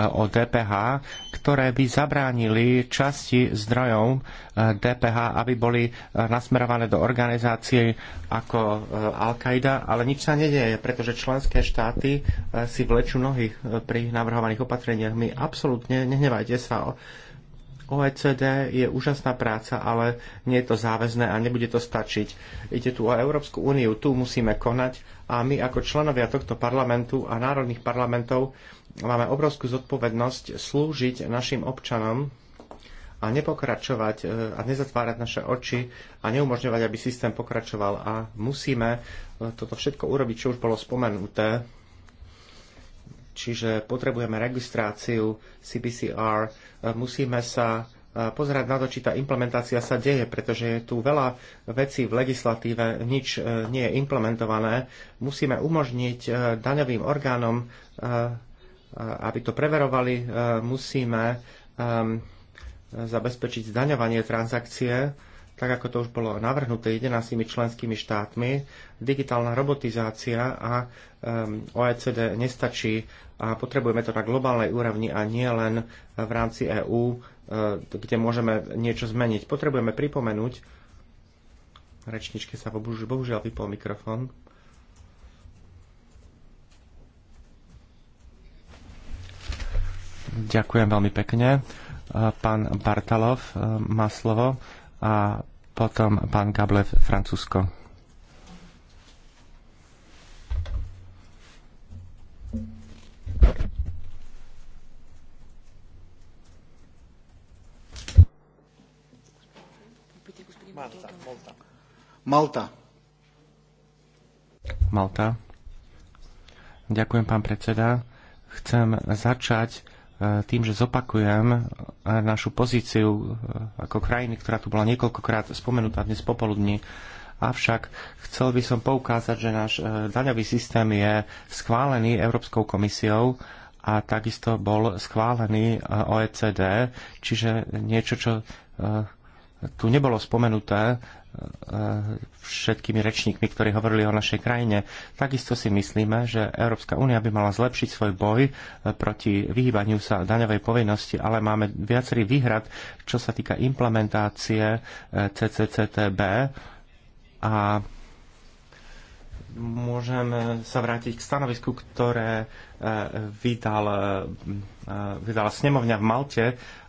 o DPH, ktoré by zabránili časti zdrojov DPH, aby boli nasmerované do organizácií ako Al-Qaida, ale nič sa nedieje, pretože členské štáty si vlečú nohy pri navrhovaných opatreniach. My absolútne, nehnevajte sa, o OECD je úžasná práca, ale nie je to záväzné a nebude to stačiť. Ide tu o Európsku úniu, tu musíme konať a my ako členovia tohto parlamentu a národných parlamentov máme obrovskú zodpovednosť slúžiť našim občanom a nepokračovať e, a nezatvárať naše oči a neumožňovať, aby systém pokračoval. A musíme e, toto všetko urobiť, čo už bolo spomenuté. Čiže potrebujeme registráciu CBCR, musíme sa e, pozerať na to, či tá implementácia sa deje, pretože je tu veľa vecí v legislatíve, nič e, nie je implementované. Musíme umožniť e, daňovým orgánom, aby to preverovali, musíme zabezpečiť zdaňovanie transakcie tak ako to už bolo navrhnuté 11 členskými štátmi, digitálna robotizácia a OECD nestačí a potrebujeme to na globálnej úrovni a nie len v rámci EÚ, e, kde môžeme niečo zmeniť. Potrebujeme pripomenúť, rečničke sa bohužiaľ vypol mikrofón, Ďakujem veľmi pekne. Pán Bartalov e, má slovo a potom pán Gablev Francúzsko. Malta. Malta. Ďakujem, pán predseda. Chcem začať tým, že zopakujem našu pozíciu e, ako krajiny, ktorá tu bola niekoľkokrát spomenutá dnes popoludní. Avšak chcel by som poukázať, že náš e, daňový systém je schválený Európskou komisiou a takisto bol schválený e, OECD, čiže niečo, čo tu nebolo spomenuté e, všetkými rečníkmi, ktorí hovorili o našej krajine. Takisto si myslíme, že Európska únia by mala zlepšiť svoj boj e, proti vyhýbaniu sa daňovej povinnosti, ale máme viacerý výhrad, čo sa týka implementácie e, CCCTB a môžem sa vrátiť k stanovisku, ktoré vydal, vydala snemovňa v Malte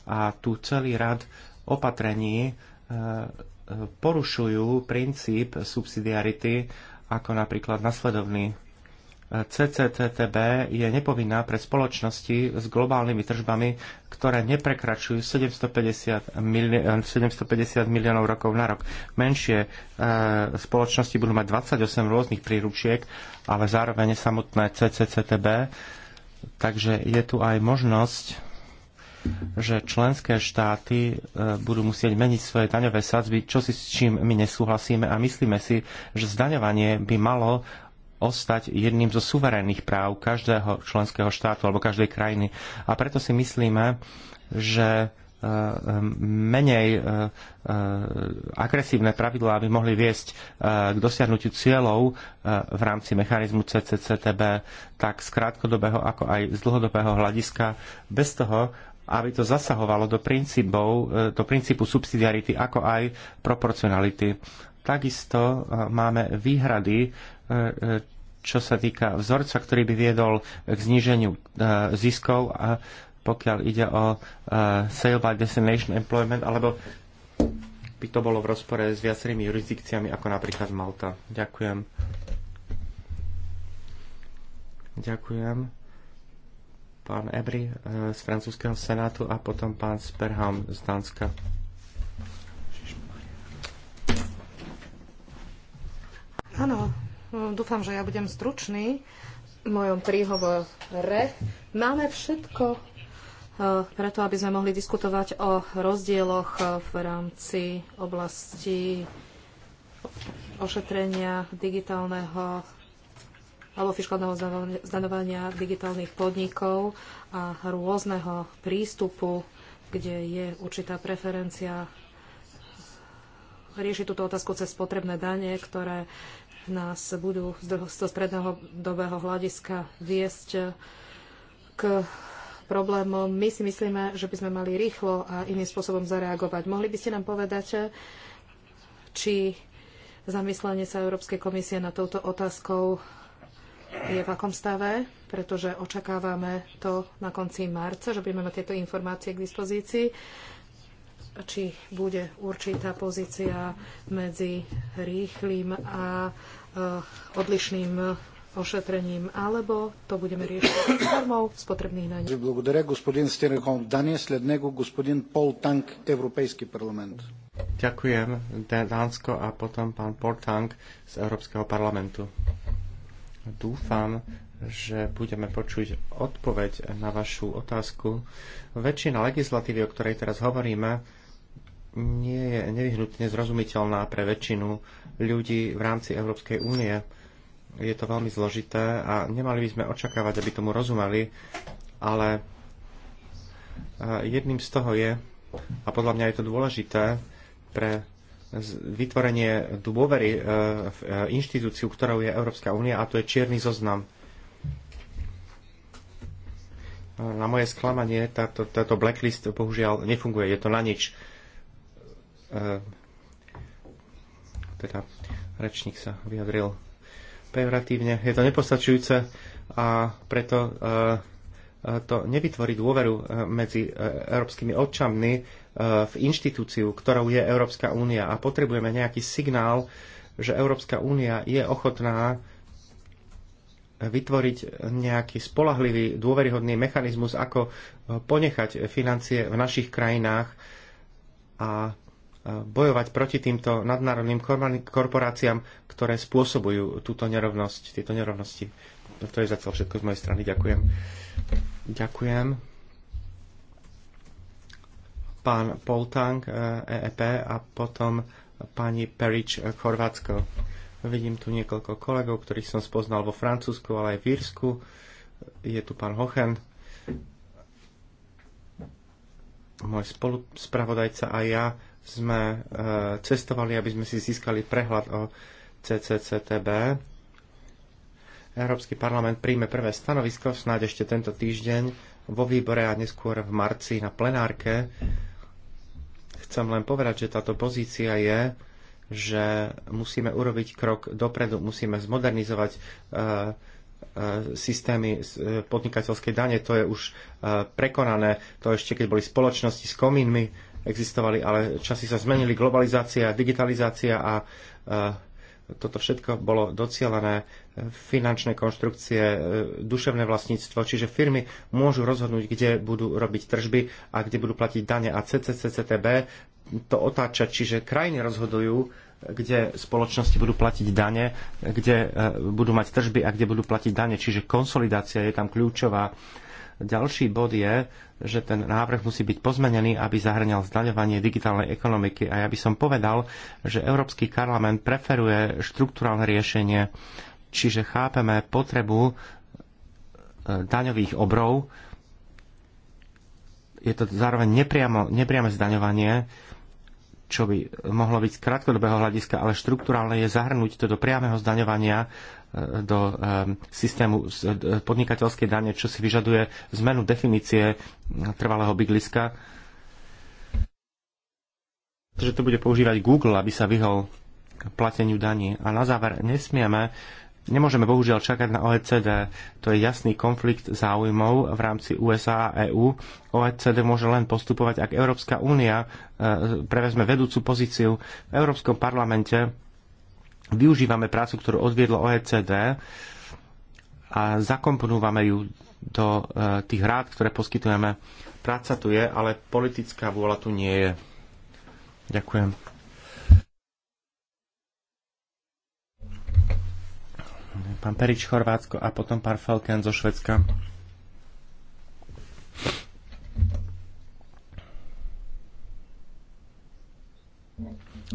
a tu celý rad opatrení e, e, porušujú princíp subsidiarity, ako napríklad nasledovný. E, CCTTB je nepovinná pre spoločnosti s globálnymi tržbami, ktoré neprekračujú 750, mili- 750 miliónov rokov na rok. Menšie e, spoločnosti budú mať 28 rôznych príručiek, ale zároveň samotné CCCTB. Takže je tu aj možnosť že členské štáty e, budú musieť meniť svoje daňové sadzby, čo si s čím my nesúhlasíme a myslíme si, že zdaňovanie by malo ostať jedným zo suverénnych práv každého členského štátu alebo každej krajiny. A preto si myslíme, že e, menej e, agresívne pravidlá by mohli viesť k dosiahnutiu cieľov v rámci mechanizmu CCCTB tak z krátkodobého ako aj z dlhodobého hľadiska bez toho, aby to zasahovalo do, princípov, e, do princípu subsidiarity ako aj proporcionality. Takisto e, máme výhrady, e, čo sa týka vzorca, ktorý by viedol k zníženiu ziskov, pokiaľ ide o sale by destination employment, alebo by to bolo v rozpore s viacerými jurisdikciami, ako napríklad Malta. Ďakujem. Ďakujem pán Ebry eh, z francúzského senátu a potom pán Sperham z Dánska. Áno, eh, dúfam, že ja budem stručný v mojom príhovore. Máme všetko eh, preto, aby sme mohli diskutovať o rozdieloch v rámci oblasti ošetrenia digitálneho alebo fiskálneho zdanovania digitálnych podnikov a rôzneho prístupu, kde je určitá preferencia riešiť túto otázku cez potrebné dane, ktoré nás budú z toho stredného dobého hľadiska viesť k problémom. My si myslíme, že by sme mali rýchlo a iným spôsobom zareagovať. Mohli by ste nám povedať, či zamyslenie sa Európskej komisie na touto otázkou je v akom stave, pretože očakávame to na konci marca, že budeme mať tieto informácie k dispozícii či bude určitá pozícia medzi rýchlým a eh, odlišným ošetrením, alebo to budeme riešiť *coughs* formou spotrebných daní. Ďakujem, господин Стереков. Danie след него господин Пол Танк, Европейски Ďakujem, Dánsko a potom pán Portank z Európskeho parlamentu. Dúfam, že budeme počuť odpoveď na vašu otázku. Väčšina legislatívy, o ktorej teraz hovoríme, nie je nevyhnutne zrozumiteľná pre väčšinu ľudí v rámci Európskej únie. Je to veľmi zložité a nemali by sme očakávať, aby tomu rozumeli, ale e, jedným z toho je, a podľa mňa je to dôležité pre vytvorenie dôvery e, v e, inštitúciu, ktorou je Európska únia a to je čierny zoznam. E, na moje sklamanie táto, táto blacklist bohužiaľ nefunguje, je to na nič. Teda rečník sa vyjadril pejoratívne. Je to nepostačujúce a preto to nevytvorí dôveru eh, medzi eh, európskymi občanmi eh, v inštitúciu, ktorou je Európska únia a potrebujeme nejaký signál, že Európska únia je ochotná vytvoriť nejaký spolahlivý, dôveryhodný mechanizmus, ako ponechať financie v našich krajinách a bojovať proti týmto nadnárodným korporáciám, ktoré spôsobujú túto nerovnosť, tieto nerovnosti. No to je zatiaľ všetko z mojej strany. Ďakujem. Ďakujem. Pán Poltang, EEP eh, e a potom pani Perič, eh, Chorvátsko. Vidím tu niekoľko kolegov, ktorých som spoznal vo Francúzsku, ale aj v Írsku. Je tu pán Hochen, môj spoluspravodajca a ja sme eh, cestovali, aby sme si získali prehľad o CCCTB Európsky parlament príjme prvé stanovisko, snáď ešte tento týždeň, vo výbore a neskôr v marci na plenárke. Chcem len povedať, že táto pozícia je, že musíme urobiť krok dopredu, musíme zmodernizovať e, e, systémy e, podnikateľskej dane, to je už prekonané, to ešte keď boli spoločnosti s komínmi, existovali, ale časy sa zmenili, globalizácia, digitalizácia a toto všetko bolo docielené, e, finančné konštrukcie, e, duševné vlastníctvo, čiže firmy môžu rozhodnúť, kde budú robiť tržby a kde budú platiť dane a CCCCTB to otáča, čiže krajiny rozhodujú, kde spoločnosti budú platiť dane, kde e, budú mať tržby a kde budú platiť dane. Čiže konsolidácia je tam kľúčová ďalší bod je, že ten návrh musí byť pozmenený, aby zahrňal zdaňovanie digitálnej ekonomiky. A ja by som povedal, že Európsky parlament preferuje štruktúralne riešenie, čiže chápeme potrebu e, daňových obrov. Je to zároveň nepriamo, nepriame zdaňovanie, čo by mohlo byť z krátkodobého hľadiska, ale štruktúralne je zahrnúť to do priameho zdaňovania do systému podnikateľskej dane, čo si vyžaduje zmenu definície trvalého bydliska. Takže to bude používať Google, aby sa vyhol plateniu daní. A na záver nesmieme, nemôžeme bohužiaľ čakať na OECD. To je jasný konflikt záujmov v rámci USA a EÚ. OECD môže len postupovať, ak Európska únia e, prevezme vedúcu pozíciu v Európskom parlamente využívame prácu, ktorú odviedlo OECD a zakomponúvame ju do e, tých rád, ktoré poskytujeme. Práca tu je, ale politická vôľa tu nie je. Ďakujem. Pán Perič Chorvátsko a potom pán Falken zo Švedska.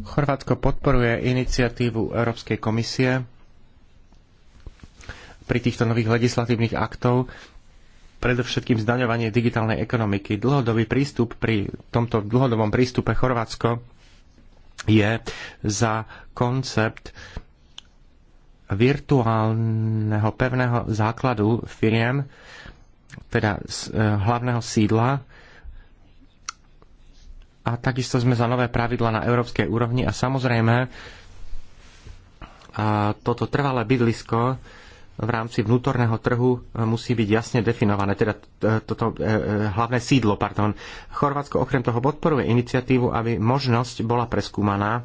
Chorvátsko podporuje iniciatívu Európskej komisie pri týchto nových legislatívnych aktov, predovšetkým zdaňovanie digitálnej ekonomiky. Dlhodobý prístup pri tomto dlhodobom prístupe Chorvátsko je za koncept virtuálneho pevného základu firiem, teda z e, hlavného sídla, a takisto sme za nové pravidla na európskej úrovni a samozrejme a toto trvalé bydlisko v rámci vnútorného trhu e, musí byť jasne definované, teda e, toto e, hlavné sídlo, pardon. Chorvátsko okrem toho podporuje iniciatívu, aby možnosť bola preskúmaná,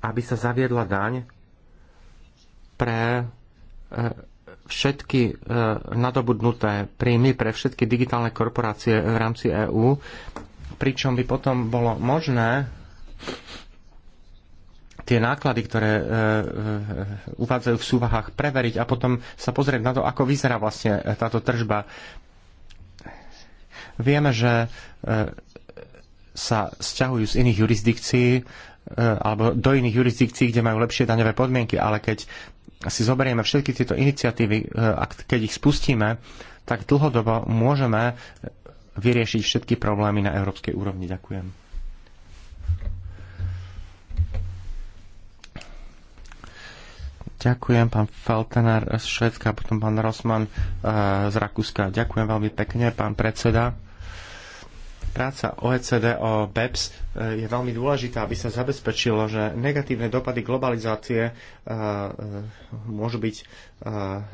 aby sa zaviedla daň pre všetky e, nadobudnuté príjmy pre všetky digitálne korporácie v rámci EÚ, pričom by potom bolo možné tie náklady, ktoré e, e, uvádzajú v súvahách, preveriť a potom sa pozrieť na to, ako vyzerá vlastne e, táto tržba. Vieme, že e, sa sťahujú z iných jurisdikcií e, alebo do iných jurisdikcií, kde majú lepšie daňové podmienky, ale keď si zoberieme všetky tieto iniciatívy, e, keď ich spustíme, tak dlhodobo môžeme vyriešiť všetky problémy na európskej úrovni. Ďakujem. Ďakujem, pán Feltener z Švedska, potom pán Rosman e, z Rakúska. Ďakujem veľmi pekne, pán predseda. Práca OECD o e BEPS e, je veľmi dôležitá, aby sa zabezpečilo, že negatívne dopady globalizácie e, môžu byť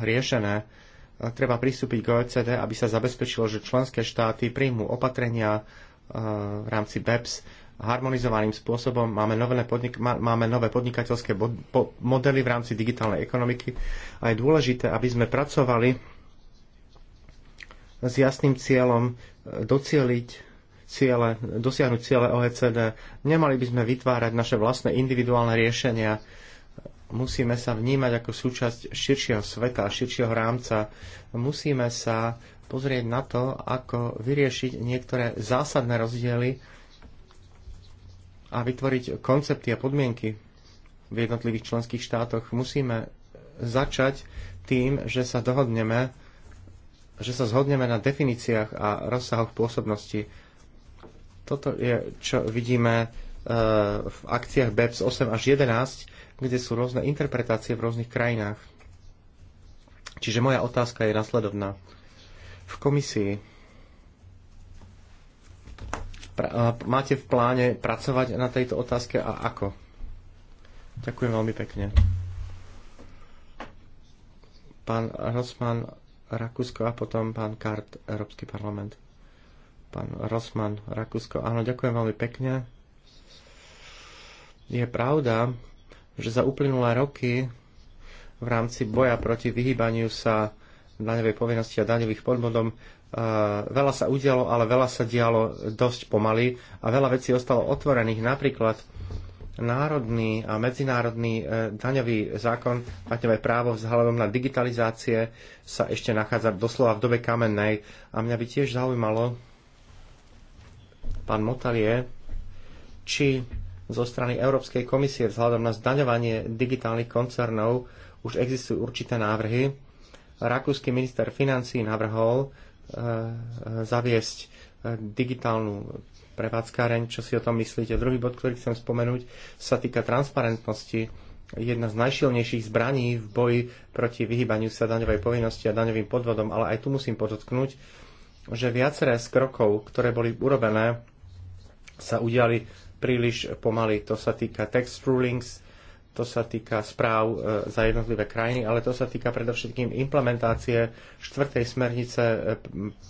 riešené. Treba pristúpiť k OECD, aby sa zabezpečilo, že členské štáty príjmú opatrenia v rámci BEPS, harmonizovaným spôsobom, máme nové, podnik- máme nové podnikateľské modely v rámci digitálnej ekonomiky a je dôležité, aby sme pracovali s jasným cieľom docieliť ciele, dosiahnuť ciele OECD. Nemali by sme vytvárať naše vlastné individuálne riešenia. Musíme sa vnímať ako súčasť širšieho sveta, širšieho rámca. Musíme sa pozrieť na to, ako vyriešiť niektoré zásadné rozdiely a vytvoriť koncepty a podmienky v jednotlivých členských štátoch. Musíme začať tým, že sa dohodneme, že sa zhodneme na definíciách a rozsahoch pôsobnosti. Toto je, čo vidíme e, v akciách BEPS 8 až 11, kde sú rôzne interpretácie v rôznych krajinách. Čiže moja otázka je nasledovná. V komisii e, máte v pláne pracovať na tejto otázke a ako? Ďakujem veľmi pekne. Pán Rosman Rakúsko a potom pán Kart, Európsky parlament. Pán Rosman, Rakúsko. Áno, ďakujem veľmi pekne. Je pravda, že za uplynulé roky v rámci boja proti vyhýbaniu sa daňovej povinnosti a daňových podvodom e, veľa sa udialo, ale veľa sa dialo dosť pomaly a veľa vecí ostalo otvorených. Napríklad národný a medzinárodný e, daňový zákon, daňové právo vzhľadom na digitalizácie sa ešte nachádza doslova v dobe kamennej. A mňa by tiež zaujímalo, pán Motalie, či zo strany Európskej komisie vzhľadom na zdaňovanie digitálnych koncernov už existujú určité návrhy. Rakúsky minister financí navrhol e, zaviesť eh, digitálnu prevádzkáreň, čo si o tom myslíte. Druhý bod, ktorý chcem spomenúť, sa týka transparentnosti. Jedna z najšilnejších zbraní v boji proti vyhýbaniu sa daňovej povinnosti a daňovým podvodom, ale aj tu musím podotknúť, že viaceré z krokov, ktoré boli urobené sa udiali príliš pomaly. To sa týka tax rulings, to sa týka správ e, za jednotlivé krajiny, ale to sa týka predovšetkým implementácie štvrtej smernice e,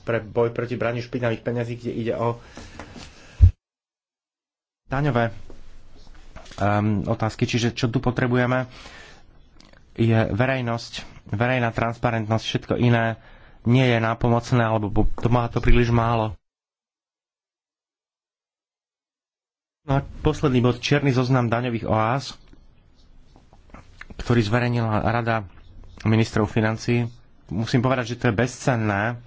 pre boj proti braniu špinavých peňazí, kde ide o daňové um, otázky. Čiže čo tu potrebujeme je verejnosť, verejná transparentnosť, všetko iné nie je nápomocné, alebo pomáha to príliš málo. No a posledný bod, čierny zoznam daňových oáz, ktorý zverejnila Rada ministrov financí. Musím povedať, že to je bezcenné.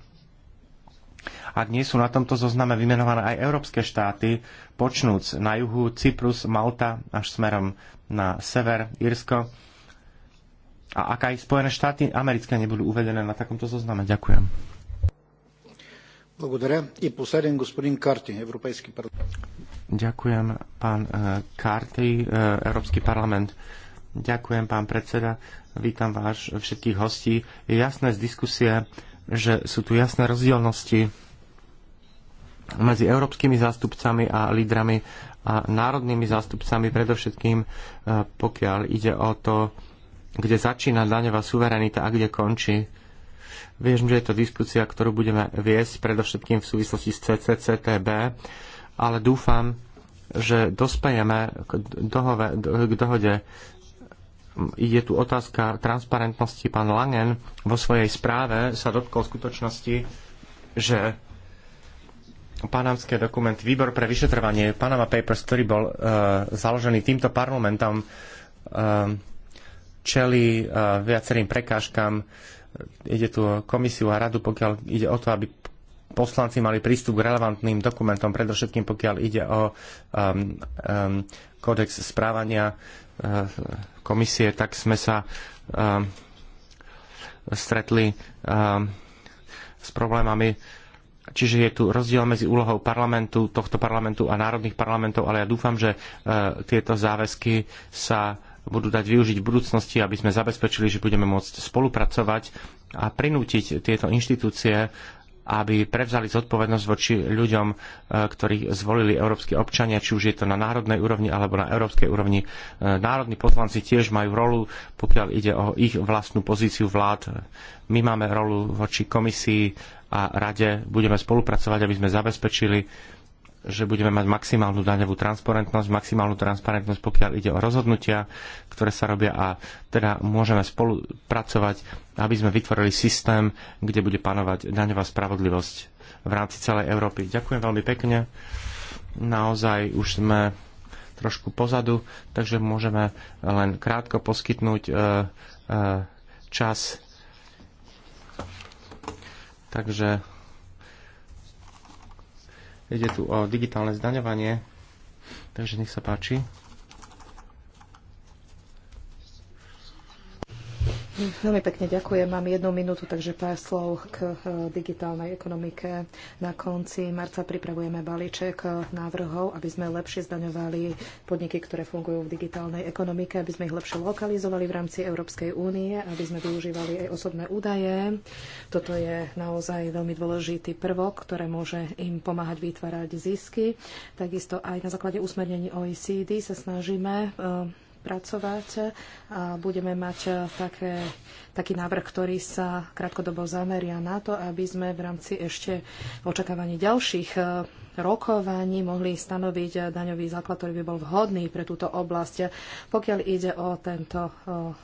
Ak nie sú na tomto zozname vymenované aj európske štáty, počnúc na juhu Cyprus, Malta až smerom na sever Irsko. A ak aj Spojené štáty americké nebudú uvedené na takomto zozname. Ďakujem. Ďakujem, pán Karty, Európsky parlament. Ďakujem, pán predseda. Vítam vás, všetkých hostí. Je jasné z diskusie, že sú tu jasné rozdielnosti medzi európskymi zástupcami a lídrami a národnými zástupcami, predovšetkým e, pokiaľ ide o to, kde začína daňová suverenita a kde končí Viem, že je to diskusia, ktorú budeme viesť predovšetkým v súvislosti s CCCTB, ale dúfam, že dospejeme k, dohove, k dohode. Je tu otázka transparentnosti. Pán Langen vo svojej správe sa dotkol skutočnosti, že panamské dokument, výbor pre vyšetrovanie Panama Papers, ktorý bol uh, založený týmto parlamentom, uh, e, čeli uh, e, viacerým prekážkam uh, Ide tu o komisiu a radu, pokiaľ ide o to, aby poslanci mali prístup k relevantným dokumentom, predovšetkým pokiaľ ide o um, um, kódex správania uh, komisie, tak sme sa um, stretli um, s problémami. Čiže je tu rozdiel medzi úlohou parlamentu, tohto parlamentu a národných parlamentov, ale ja dúfam, že uh, tieto záväzky sa budú dať využiť v budúcnosti, aby sme zabezpečili, že budeme môcť spolupracovať a prinútiť tieto inštitúcie, aby prevzali zodpovednosť voči ľuďom, e, ktorých zvolili európsky občania, či už je to na národnej úrovni alebo na európskej úrovni. E, národní poslanci tiež majú rolu, pokiaľ ide o ich vlastnú pozíciu vlád. My máme rolu voči komisii a rade. Budeme spolupracovať, aby sme zabezpečili, že budeme mať maximálnu daňovú transparentnosť, maximálnu transparentnosť, pokiaľ ide o rozhodnutia, ktoré sa robia a teda môžeme spolupracovať, aby sme vytvorili systém, kde bude panovať daňová spravodlivosť v rámci celej Európy. Ďakujem veľmi pekne. Naozaj už sme trošku pozadu, takže môžeme len krátko poskytnúť e, e, čas. Takže Ide tu o digitálne zdaňovanie. Takže nech sa páči. Veľmi pekne ďakujem. Mám jednu minútu, takže pár slov k eh, digitálnej ekonomike. Na konci marca pripravujeme balíček eh, návrhov, aby sme lepšie zdaňovali podniky, ktoré fungujú v digitálnej ekonomike, aby sme ich lepšie lokalizovali v rámci Európskej únie, aby sme využívali aj osobné údaje. Toto je naozaj veľmi dôležitý prvok, ktoré môže im pomáhať vytvárať zisky. Takisto aj na základe usmernení OECD sa snažíme eh, pracovať a budeme mať eh, také, taký návrh, ktorý sa krátkodobo zameria na to, aby sme v rámci ešte očakávaní ďalších eh, rokovaní mohli stanoviť eh, daňový základ, ktorý by bol vhodný pre túto oblasť. Pokiaľ ide o tento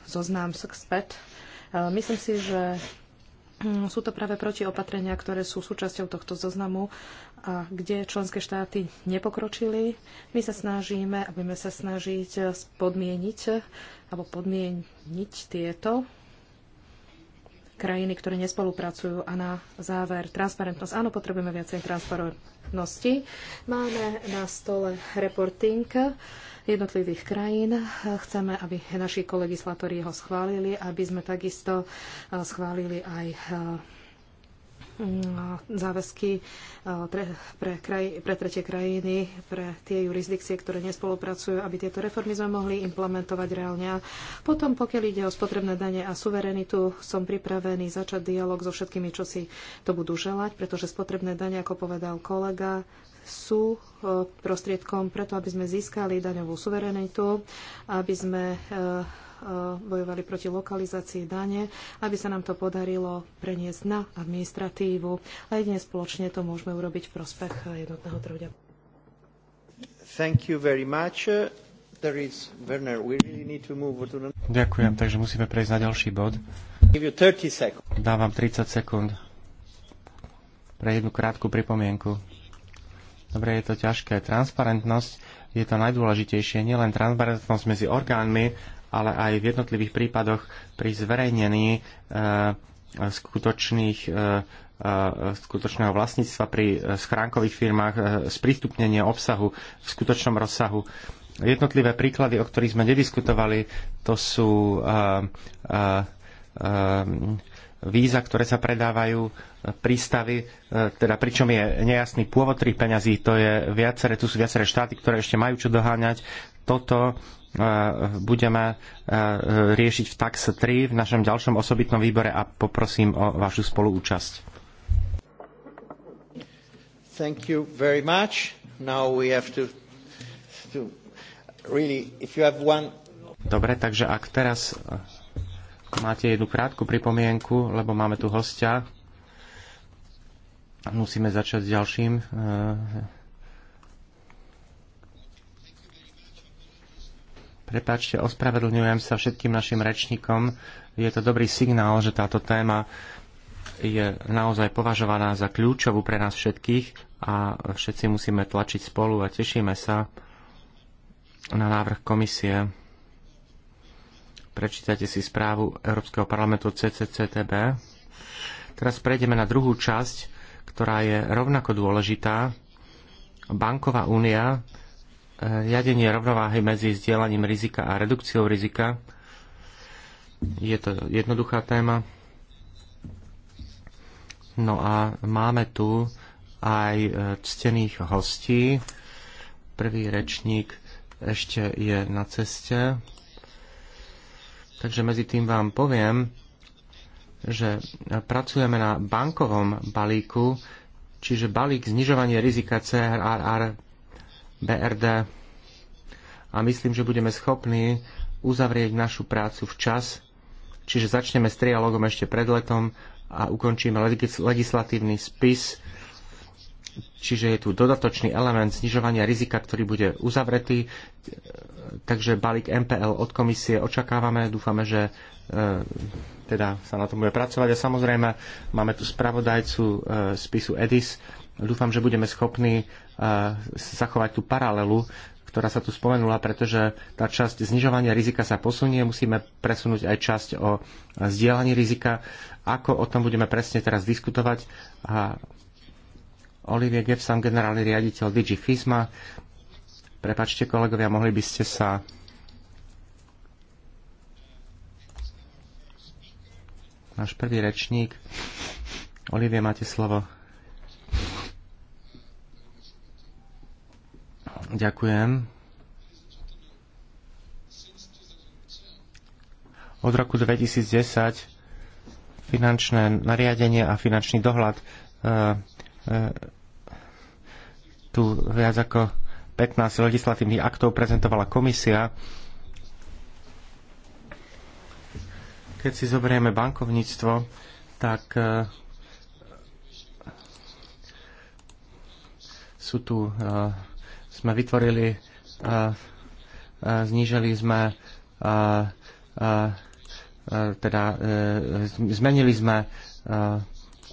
zoznam späť, myslím si, že Mm, sú to práve protiopatrenia, ktoré sú súčasťou tohto zoznamu a kde členské štáty nepokročili. My sa snažíme a budeme sa snažiť podmieniť alebo podmieniť tieto krajiny, ktoré nespolupracujú. A na záver, transparentnosť. Áno, potrebujeme viacej transparentnosti. Máme na stole reporting jednotlivých krajín. Chceme, aby naši kolegislatóri ho schválili, aby sme takisto schválili aj No, záväzky eh, pre, pre, kraj, pre tretie krajiny, pre tie jurisdikcie, ktoré nespolupracujú, aby tieto reformy sme mohli implementovať reálne. A potom, pokiaľ ide o spotrebné dane a suverenitu, som pripravený začať dialog so všetkými, čo si to budú želať, pretože spotrebné dane, ako povedal kolega, sú eh, prostriedkom preto, aby sme získali daňovú suverenitu, aby sme eh, Eh, bojovali proti lokalizácii dane, aby sa nám to podarilo preniesť na administratívu a jedine spoločne to môžeme urobiť v prospech jednotného trhu. Thank you very much. There is Werner. We really need to move to Ďakujem, takže musíme prejsť na ďalší bod. Give you 30 Dávam 30 sekúnd pre jednu krátku pripomienku. Dobre, je to ťažké. Transparentnosť je to najdôležitejšie, nielen transparentnosť medzi orgánmi, ale aj v jednotlivých prípadoch pri zverejnení eh, skutočných eh, eh, skutočného vlastníctva pri schránkových firmách, sprístupnenie obsahu v skutočnom rozsahu. Jednotlivé príklady, o ktorých sme nediskutovali, to sú víza, ktoré sa predávajú, prístavy, teda pričom je nejasný pôvod tých peňazí, to je viacere, tu sú viaceré štáty, ktoré ešte majú čo doháňať. Toto budeme riešiť v TAX 3 v našom ďalšom osobitnom výbore a poprosím o vašu spoluúčasť. Thank you very much. Now we have to, to really, if you have one... Dobre, takže ak teraz máte jednu krátku pripomienku, lebo máme tu hostia, musíme začať s ďalším e, Prepačte, ospravedlňujem sa všetkým našim rečníkom. Je to dobrý signál, že táto téma je naozaj považovaná za kľúčovú pre nás všetkých a všetci musíme tlačiť spolu a tešíme sa na návrh komisie. Prečítajte si správu Európskeho parlamentu CCCTB. Teraz prejdeme na druhú časť, ktorá je rovnako dôležitá. Banková únia riadenie rovnováhy medzi zdieľaním rizika a redukciou rizika. Je to jednoduchá téma. No a máme tu aj e, ctených hostí. Prvý rečník ešte je na ceste. Takže medzi tým vám poviem, že pracujeme na bankovom balíku, čiže balík znižovanie rizika CRRR BRD a myslím, že budeme schopní uzavrieť našu prácu včas, čiže začneme s trialogom ešte pred letom a ukončíme legislatívny spis, čiže je tu dodatočný element znižovania rizika, ktorý bude uzavretý, takže balík MPL od komisie očakávame, dúfame, že e, teda sa na tom bude pracovať a samozrejme máme tu spravodajcu e, spisu EDIS, Dúfam, že budeme schopní e, zachovať tú paralelu, ktorá sa tu spomenula, pretože tá časť znižovania rizika sa posunie. Musíme presunúť aj časť o zdieľaní rizika. Ako o tom budeme presne teraz diskutovať? A Olivier Gepsam, generálny riaditeľ DG FISMA. Prepačte, kolegovia, mohli by ste sa náš prvý rečník. Olivie, máte slovo. Ďakujem. Od roku 2010 finančné nariadenie a finančný dohľad e, e, tu viac ako 15 legislatívnych aktov prezentovala komisia. Keď si zoberieme bankovníctvo, tak e, sú tu e, sme vytvorili, a, a znížili sme, a, a, teda e, zmenili sme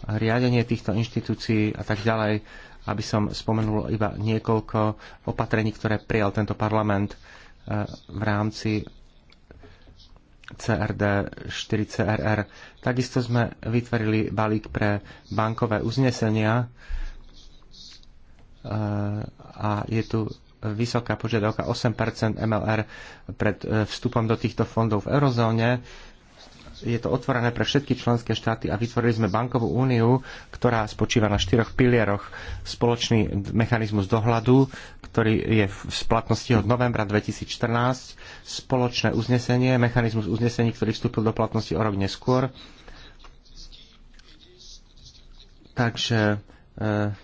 riadenie týchto inštitúcií a tak ďalej, aby som spomenul iba niekoľko opatrení, ktoré prijal tento parlament e, v rámci CRD 4 CRR. Takisto sme vytvorili balík pre bankové uznesenia, a je tu vysoká požiadavka 8% MLR pred e, vstupom do týchto fondov v eurozóne. Je to otvorené pre všetky členské štáty a vytvorili sme bankovú úniu, ktorá spočíva na štyroch pilieroch. Spoločný mechanizmus dohľadu, ktorý je v platnosti od novembra 2014, spoločné uznesenie, mechanizmus uznesení, ktorý vstúpil do platnosti o rok neskôr. Takže e,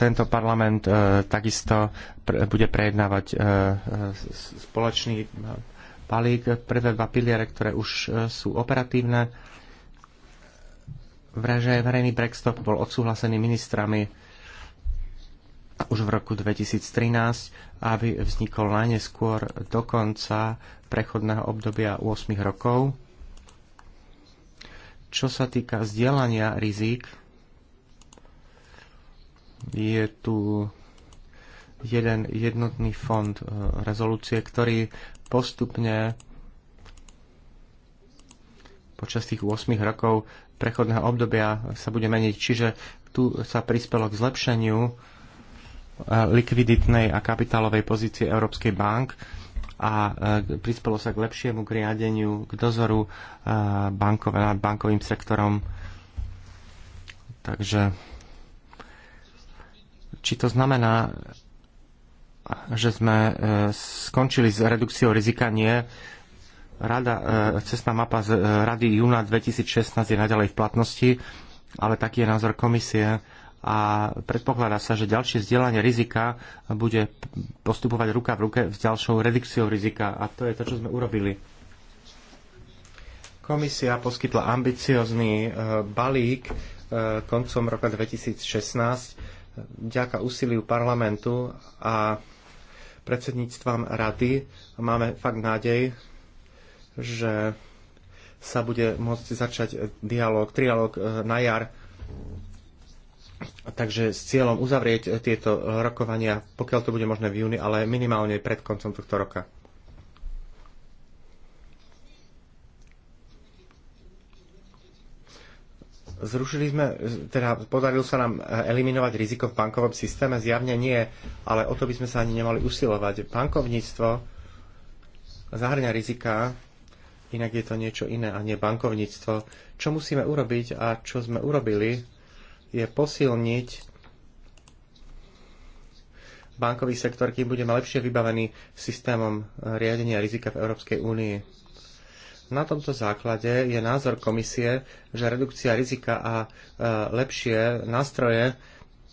tento parlament e, takisto bude prejednávať e, e, spoločný balík, prvé dva piliere, ktoré už sú operatívne. Vraže verejný backstop bol odsúhlasený ministrami už v roku 2013, aby vznikol najneskôr do konca prechodného obdobia 8 rokov. Čo sa týka zdieľania rizik, je tu jeden jednotný fond eh, rezolúcie, ktorý postupne počas tých 8 rokov prechodného obdobia sa bude meniť. Čiže tu sa prispelo k zlepšeniu eh, likviditnej a kapitálovej pozície Európskej bank a eh, prispelo sa k lepšiemu k riadeniu, k dozoru bankov, nad bankovým sektorom. Takže či to znamená, že sme e, skončili s redukciou rizika? Nie. Rada, e, cestná mapa z e, Rady júna 2016 je naďalej v platnosti, ale taký je názor komisie a predpokladá sa, že ďalšie vzdielanie rizika bude postupovať ruka v ruke s ďalšou redukciou rizika a to je to, čo sme urobili. Komisia poskytla ambiciozný balík koncom roka 2016 vďaka úsiliu parlamentu a predsedníctvám rady máme fakt nádej, že sa bude môcť začať dialog, trialog eh, na jar. Takže s cieľom uzavrieť tieto rokovania, pokiaľ to bude možné v júni, ale minimálne pred koncom tohto roka. Zrušili sme, teda podarilo sa nám eliminovať riziko v bankovom systéme? Zjavne nie, ale o to by sme sa ani nemali usilovať. Bankovníctvo zahrňa rizika, inak je to niečo iné a nie bankovníctvo. Čo musíme urobiť a čo sme urobili, je posilniť bankový sektor, kým budeme lepšie vybavený systémom riadenia rizika v Európskej únii na tomto základe je názor komisie, že redukcia rizika a e, lepšie nástroje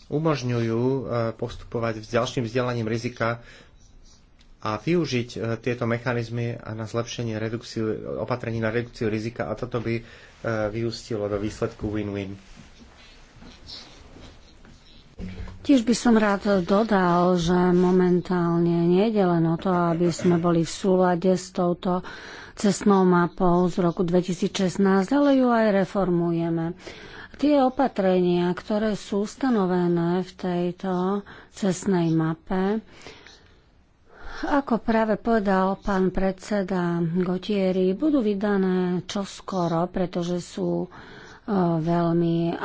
umožňujú e, postupovať s ďalším vzdelaním rizika a využiť e, tieto mechanizmy na zlepšenie redukciu, opatrení na redukciu rizika a toto by vyústilo do výsledku win-win. Tiež by som rád dodal, že momentálne nejde len o to, aby sme boli v súlade s touto cestnou mapou z roku 2016, ale ju aj reformujeme. Tie opatrenia, ktoré sú stanovené v tejto cestnej mape, ako práve povedal pán predseda Gotieri, budú vydané čoskoro, pretože sú e, veľmi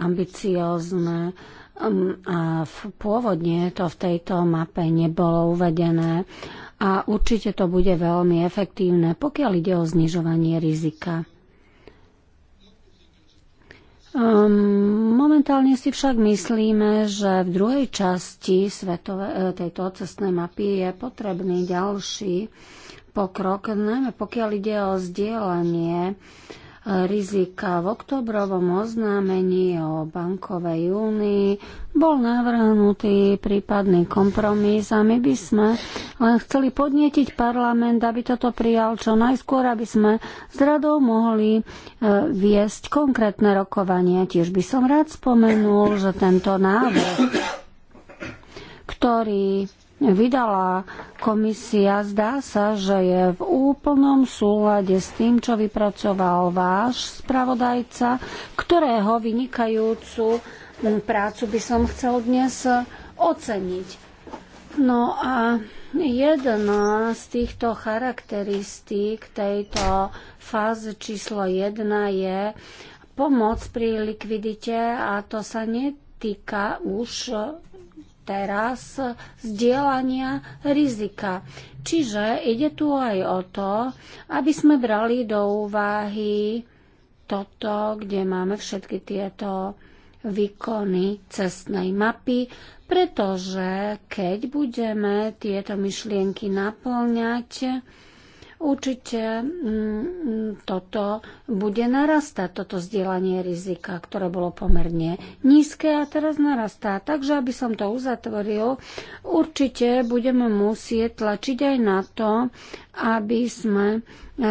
ambiciozne mm, a pôvodne to v tejto mape nebolo uvedené a určite to bude veľmi efektívne, pokiaľ ide o znižovanie rizika. Um, momentálne si však myslíme, že v druhej časti svetové, e, tejto cestnej mapy je potrebný ďalší pokrok, najmä pokiaľ ide o zdieľanie uh, rizika. V oktobrovom oznámení o bankovej únii bol navrhnutý prípadný kompromis a my by sme len chceli podnietiť parlament, aby toto prijal čo najskôr, aby sme s radou mohli e, viesť konkrétne rokovania. Tiež by som rád spomenul, že tento návrh, ktorý vydala komisia, zdá sa, že je v úplnom súlade s tým, čo vypracoval váš spravodajca, ktorého vynikajúcu mm, prácu by som chcel dnes oceniť. No a jedna z týchto charakteristík tejto fázy číslo 1 je pomoc pri likvidite a to sa netýka už teraz zdieľania rizika. Čiže ide tu aj o to, aby sme brali do úvahy toto, kde máme všetky tieto výkony cestnej mapy, pretože keď budeme tieto myšlienky naplňať, Určite mm, toto bude narastať, toto zdieľanie rizika, ktoré bolo pomerne nízke a teraz narastá. Takže, aby som to uzatvoril, určite budeme musieť tlačiť aj na to, aby sme e,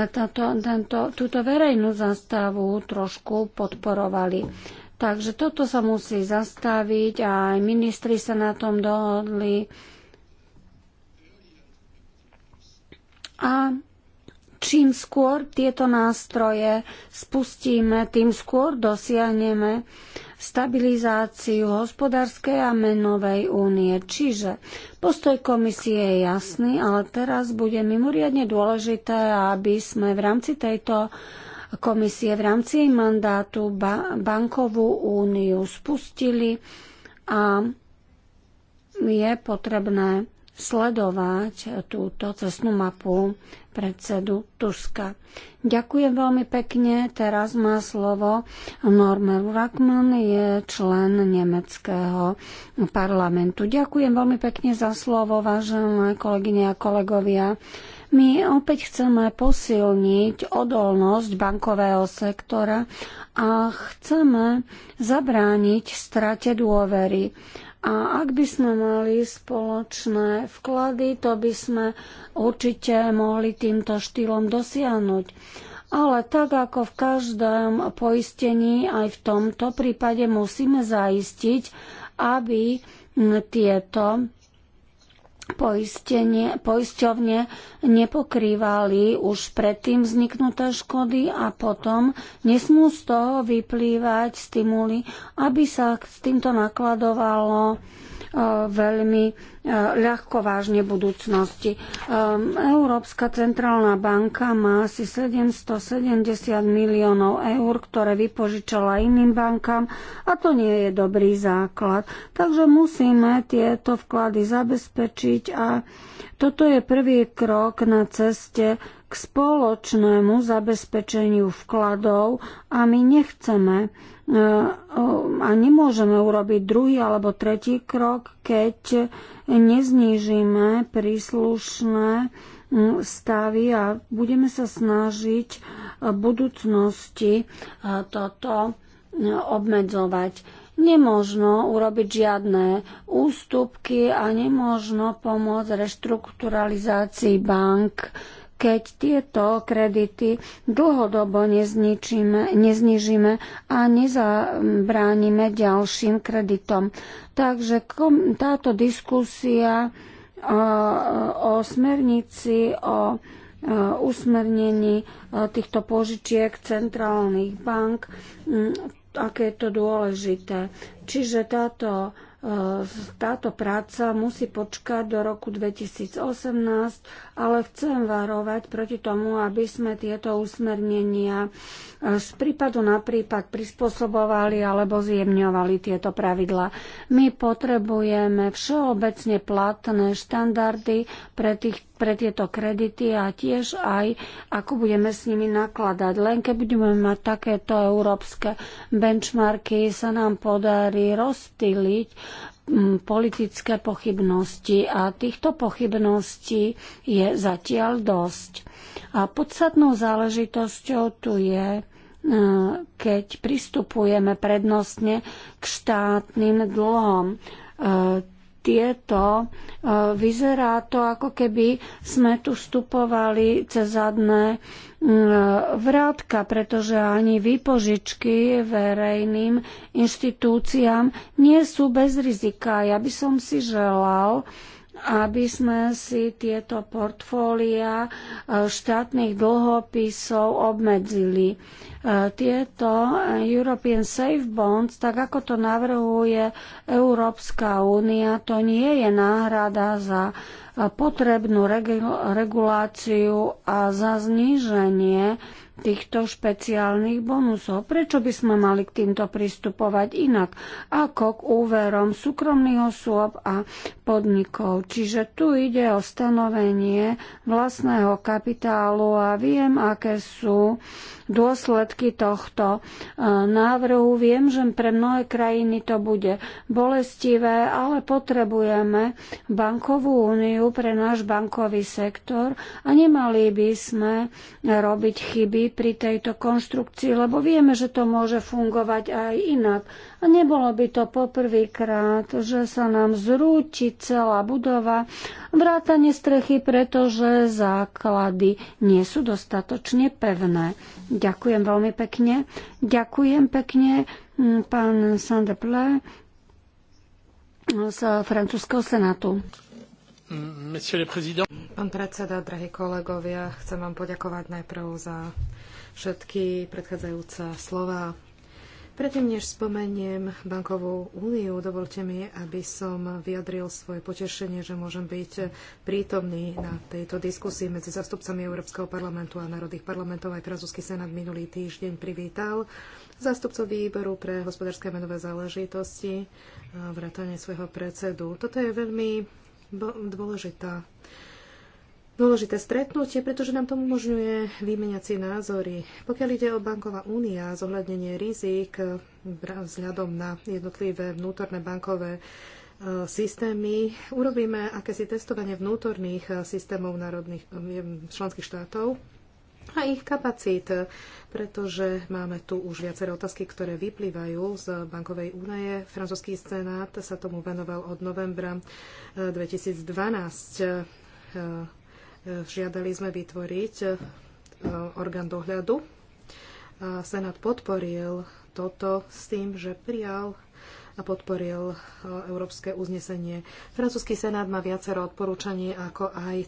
táto, tento, túto verejnú zastavu trošku podporovali. Takže toto sa musí zastaviť a aj ministri sa na tom dohodli. A Čím skôr tieto nástroje spustíme, tým skôr dosiahneme stabilizáciu hospodárskej a menovej únie. Čiže postoj komisie je jasný, ale teraz bude mimoriadne dôležité, aby sme v rámci tejto komisie, v rámci mandátu ba- bankovú úniu spustili a je potrebné sledovať túto cestnú mapu predsedu Tuska. Ďakujem veľmi pekne. Teraz má slovo Normer Rurakman, je člen nemeckého parlamentu. Ďakujem veľmi pekne za slovo, vážené kolegyne a kolegovia. My opäť chceme posilniť odolnosť bankového sektora a chceme zabrániť strate dôvery. A ak by sme mali spoločné vklady, to by sme určite mohli týmto štýlom dosiahnuť. Ale tak ako v každom poistení, aj v tomto prípade musíme zaistiť, aby tieto poistenie, poisťovne nepokrývali už predtým vzniknuté škody a potom nesmú z toho vyplývať stimuly, aby sa s týmto nakladovalo veľmi e, ľahko vážne budúcnosti. E, Európska centrálna banka má asi 770 miliónov eur, ktoré vypožičala iným bankám a to nie je dobrý základ. Takže musíme tieto vklady zabezpečiť a toto je prvý krok na ceste k spoločnému zabezpečeniu vkladov a my nechceme a nemôžeme urobiť druhý alebo tretí krok, keď neznížime príslušné mm, stavy a budeme sa snažiť v budúcnosti e, toto e, obmedzovať nemožno urobiť žiadne ústupky a nemožno pomôcť reštrukturalizácii bank keď tieto kredity dlhodobo nezničíme, neznižíme a nezabránime ďalším kreditom. Takže kom, táto diskusia o, o smernici, o usmernení týchto požičiek centrálnych bank, aké je to dôležité. Čiže táto táto práca musí počkať do roku 2018, ale chcem varovať proti tomu, aby sme tieto usmernenia z prípadu na prípad prispôsobovali alebo zjemňovali tieto pravidla. My potrebujeme všeobecne platné štandardy pre tých pre tieto kredity a tiež aj ako budeme s nimi nakladať. Len keď budeme mať takéto európske benchmarky, sa nám podarí rozptýliť mm, politické pochybnosti a týchto pochybností je zatiaľ dosť. A podstatnou záležitosťou tu je, e, keď pristupujeme prednostne k štátnym dlhom e, tieto, e, vyzerá to ako keby sme tu vstupovali cez zadné vrátka, pretože ani výpožičky verejným inštitúciám nie sú bez rizika. Ja by som si želal, aby sme si tieto portfólia e, štátnych dlhopisov obmedzili. E, tieto European Safe Bonds, tak ako to navrhuje Európska únia, to nie je náhrada za e, potrebnú reguláciu a za zníženie týchto špeciálnych bonusov. Prečo by sme mali k týmto pristupovať inak ako k úverom súkromných osôb a podnikov? Čiže tu ide o stanovenie vlastného kapitálu a viem, aké sú dôsledky tohto e, návrhu. Viem, že pre mnohé krajiny to bude bolestivé, ale potrebujeme bankovú úniu pre náš bankový sektor a nemali by sme robiť chyby pri tejto konštrukcii, lebo vieme, že to môže fungovať aj inak. A nebolo by to poprvýkrát, že sa nám zrúti celá budova, vrátanie strechy, pretože základy nie sú dostatočne pevné. Ďakujem veľmi pekne. Ďakujem pekne, mm, pán Sandeple z francúzského senátu. Pán predseda, drahí kolegovia, chcem vám poďakovať najprv za všetky predchádzajúce slova Predtým, než spomeniem bankovú úniu, dovolte mi, aby som vyjadril svoje potešenie, že môžem byť prítomný na tejto diskusii medzi zastupcami Európskeho parlamentu a národných parlamentov. Aj francúzsky senát minulý týždeň privítal zástupcov výboru pre hospodárske a menové záležitosti vrátane svojho predsedu. Toto je veľmi dôležitá dôležité stretnutie, pretože nám to umožňuje vymeniať si názory. Pokiaľ ide o banková únia, zohľadnenie rizik eh, vzhľadom na jednotlivé vnútorné bankové eh, systémy, urobíme akési testovanie vnútorných eh, systémov národných členských štátov a ich kapacít, pretože máme tu už viaceré otázky, ktoré vyplývajú z bankovej únaje. Francúzsky senát sa tomu venoval od novembra 2012 Žiadali sme vytvoriť e, orgán dohľadu. Senát podporil toto s tým, že prijal a podporil e, európske uznesenie. Francúzsky senát má viacero odporúčaní, ako aj e,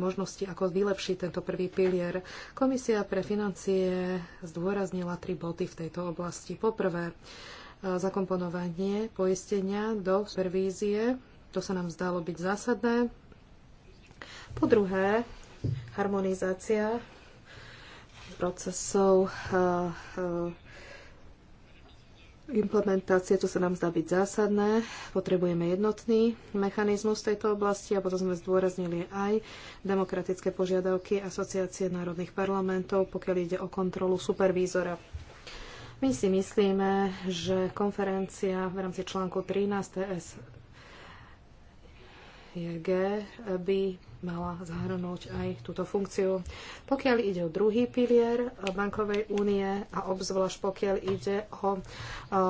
možnosti, ako vylepšiť tento prvý pilier. Komisia pre financie zdôraznila tri body v tejto oblasti. Poprvé, zakomponovanie poistenia do supervízie. To sa nám zdalo byť zásadné. Po druhé, harmonizácia procesov eh, eh, implementácie, to sa nám zdá byť zásadné. Potrebujeme jednotný mechanizmus v tejto oblasti a potom sme zdôraznili aj demokratické požiadavky Asociácie národných parlamentov, pokiaľ ide o kontrolu supervízora. My si myslíme, že konferencia v rámci článku 13 TS JG e by mala zahrnúť aj túto funkciu. Pokiaľ ide o druhý pilier bankovej únie a obzvlášť pokiaľ ide o e,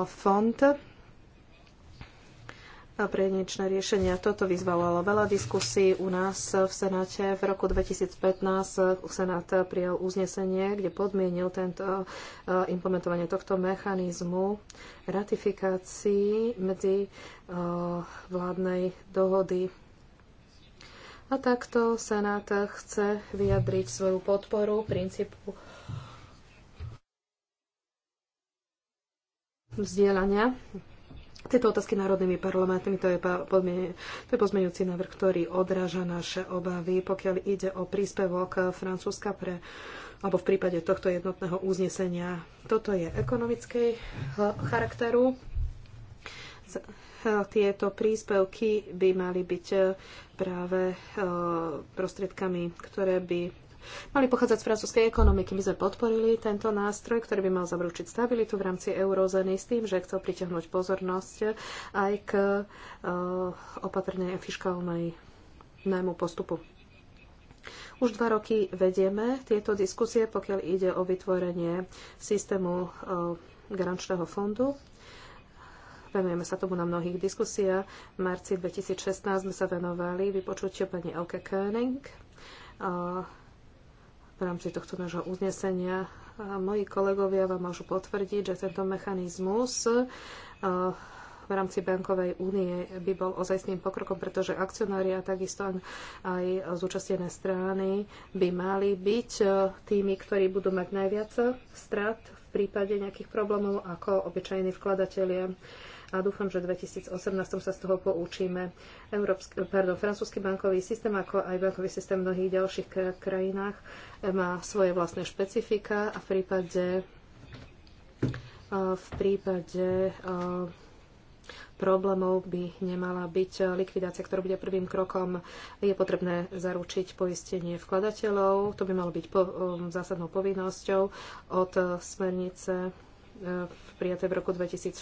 fond e, pre niečné riešenia. Toto vyzvalalo veľa diskusí u nás v Senáte. V roku 2015 e, Senát prijal uznesenie, kde podmienil tento, implementovanie tohto mechanizmu ratifikácií medzi vládnej dohody a takto Senát chce vyjadriť svoju podporu princípu vzdielania tieto otázky národnými parlamentmi, to je, to je pozmeňujúci návrh, ktorý odráža naše obavy, pokiaľ ide o príspevok Francúzska pre alebo v prípade tohto jednotného uznesenia. Toto je ekonomickej eh, charakteru. Eh, tieto príspevky by mali byť eh, práve e, prostriedkami, ktoré by mali pochádzať z francúzskej ekonomiky. My sme podporili tento nástroj, ktorý by mal zabručiť stabilitu v rámci eurozóny s tým, že chcel pritiahnuť pozornosť aj k e, opatrnej a fiskálnej postupu. Už dva roky vedieme tieto diskusie, pokiaľ ide o vytvorenie systému e, garančného fondu Venujeme sa tomu na mnohých diskusiách. V marci 2016 sme sa venovali vypočutiu pani Elke Koenig. Eh, v rámci tohto nášho uznesenia. Moji kolegovia vám môžu potvrdiť, že tento mechanizmus eh, v rámci bankovej únie by bol ozajstným pokrokom, pretože akcionári a takisto aj zúčastnené strany by mali byť eh, tými, ktorí budú mať najviac strat v prípade nejakých problémov ako obyčajní vkladatelia a dúfam, že v 2018 sa z toho poučíme. Európsky, pardon, francúzsky bankový systém, ako aj bankový systém v mnohých ďalších krajinách, má svoje vlastné špecifika a v prípade v prípade problémov by nemala byť likvidácia, ktorá bude prvým krokom. Je potrebné zaručiť poistenie vkladateľov. To by malo byť po, um, zásadnou povinnosťou od smernice prijaté v roku 2014.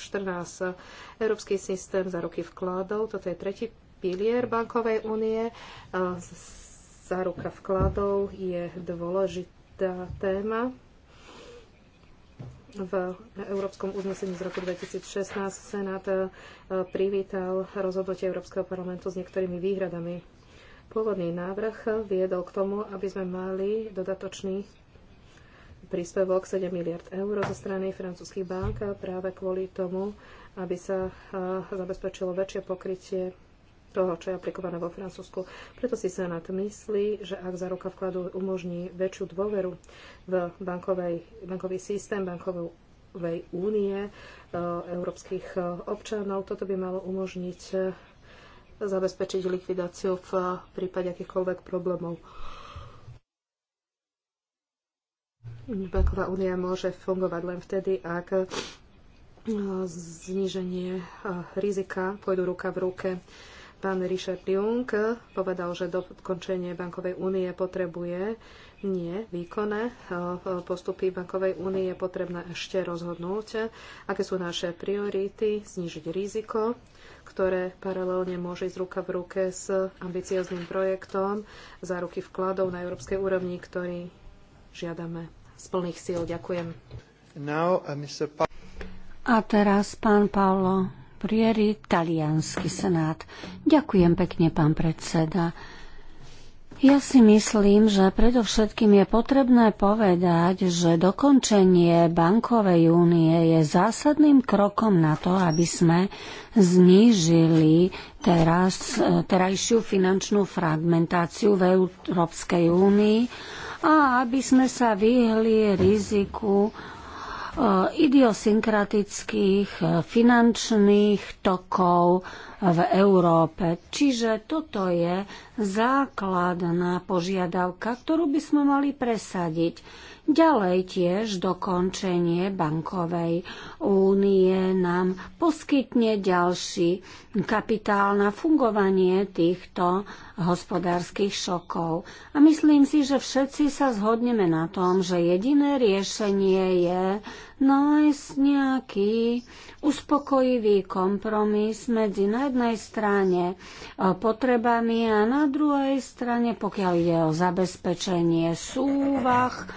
Európsky systém za roky vkladov, toto je tretí pilier bankovej únie. Záruka vkladov je dôležitá téma v Európskom uznesení z roku 2016 Senát e, privítal rozhodnutie Európskeho parlamentu s niektorými výhradami. Pôvodný návrh viedol k tomu, aby sme mali dodatočný príspevok 7 miliard eur zo strany francúzských bank práve kvôli tomu, aby sa e, zabezpečilo väčšie pokrytie toho, čo je aplikované vo Francúzsku. Preto si Senát myslí, že ak záruka vkladu umožní väčšiu dôveru v bankovej, bankový systém, bankovú únie e, európskych e, občanov. Toto by malo umožniť zabezpečiť likvidáciu v prípade akýchkoľvek problémov. Banková únia môže fungovať len vtedy, ak e, zníženie e, rizika pôjdu ruka v ruke. Pán Richard Jung povedal, že dokončenie bankovej únie potrebuje nie výkonné e, postupy bankovej únie je potrebné ešte rozhodnúť, aké sú naše priority, znižiť riziko, ktoré paralelne môže ísť ruka v ruke s ambiciozným projektom za ruky vkladov na európskej úrovni, ktorý žiadame z plných síl. Ďakujem. Now, uh, A teraz pán Paolo Prieri, talianský senát. Ďakujem pekne, pán predseda. Ja si myslím, že predovšetkým je potrebné povedať, že dokončenie bankovej únie je zásadným krokom na to, aby sme znížili teraz, eh, terajšiu finančnú fragmentáciu v Európskej únii a aby sme sa vyhli riziku e, idiosynkratických e, finančných tokov v Európe. Čiže toto je základná požiadavka, ktorú by sme mali presadiť. Ďalej tiež dokončenie bankovej únie nám poskytne ďalší kapitál na fungovanie týchto hospodárskych šokov. A myslím si, že všetci sa zhodneme na tom, že jediné riešenie je nájsť nejaký uspokojivý kompromis medzi na jednej strane e, potrebami a na druhej strane, pokiaľ ide o zabezpečenie súvah e,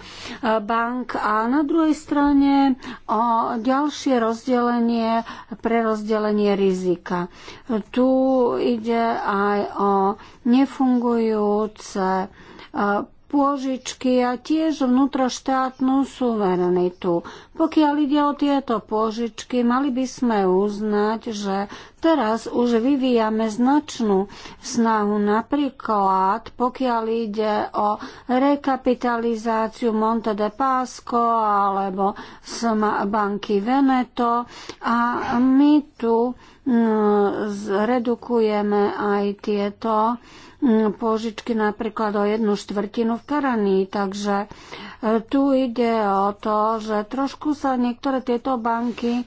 bank a na druhej strane o ďalšie rozdelenie, prerozdelenie rizika. E, tu ide aj o nefungujúce pôžičky a tiež vnútroštátnu suverenitu. Pokiaľ ide o tieto pôžičky, mali by sme uznať, že teraz už vyvíjame značnú snahu, napríklad pokiaľ ide o rekapitalizáciu Monte de Pasco alebo banky Veneto a my tu mm, zredukujeme aj tieto Mm, pôžičky napríklad o jednu štvrtinu v Karani. Takže e, tu ide o to, že trošku sa niektoré tieto banky e,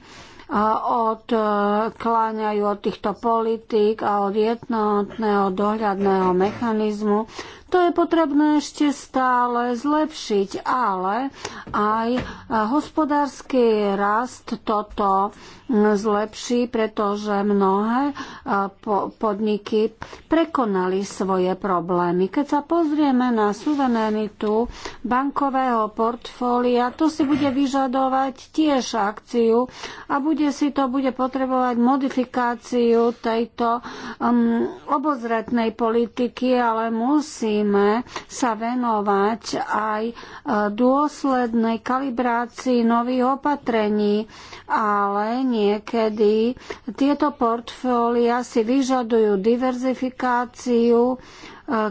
odkláňajú od týchto politík a od jednotného dohľadného mechanizmu. To je potrebné ešte stále zlepšiť, ale aj e, hospodársky rast toto zlepší, pretože mnohé e, podniky prekonali svoje problémy. Keď sa pozrieme na suverenitu bankového portfólia, to si bude vyžadovať tiež akciu a bude si to bude potrebovať modifikáciu tejto um, obozretnej politiky, ale musíme sa venovať aj e, dôslednej kalibrácii nových opatrení, ale niekedy tieto portfólia si vyžadujú diverzifikáciu, e,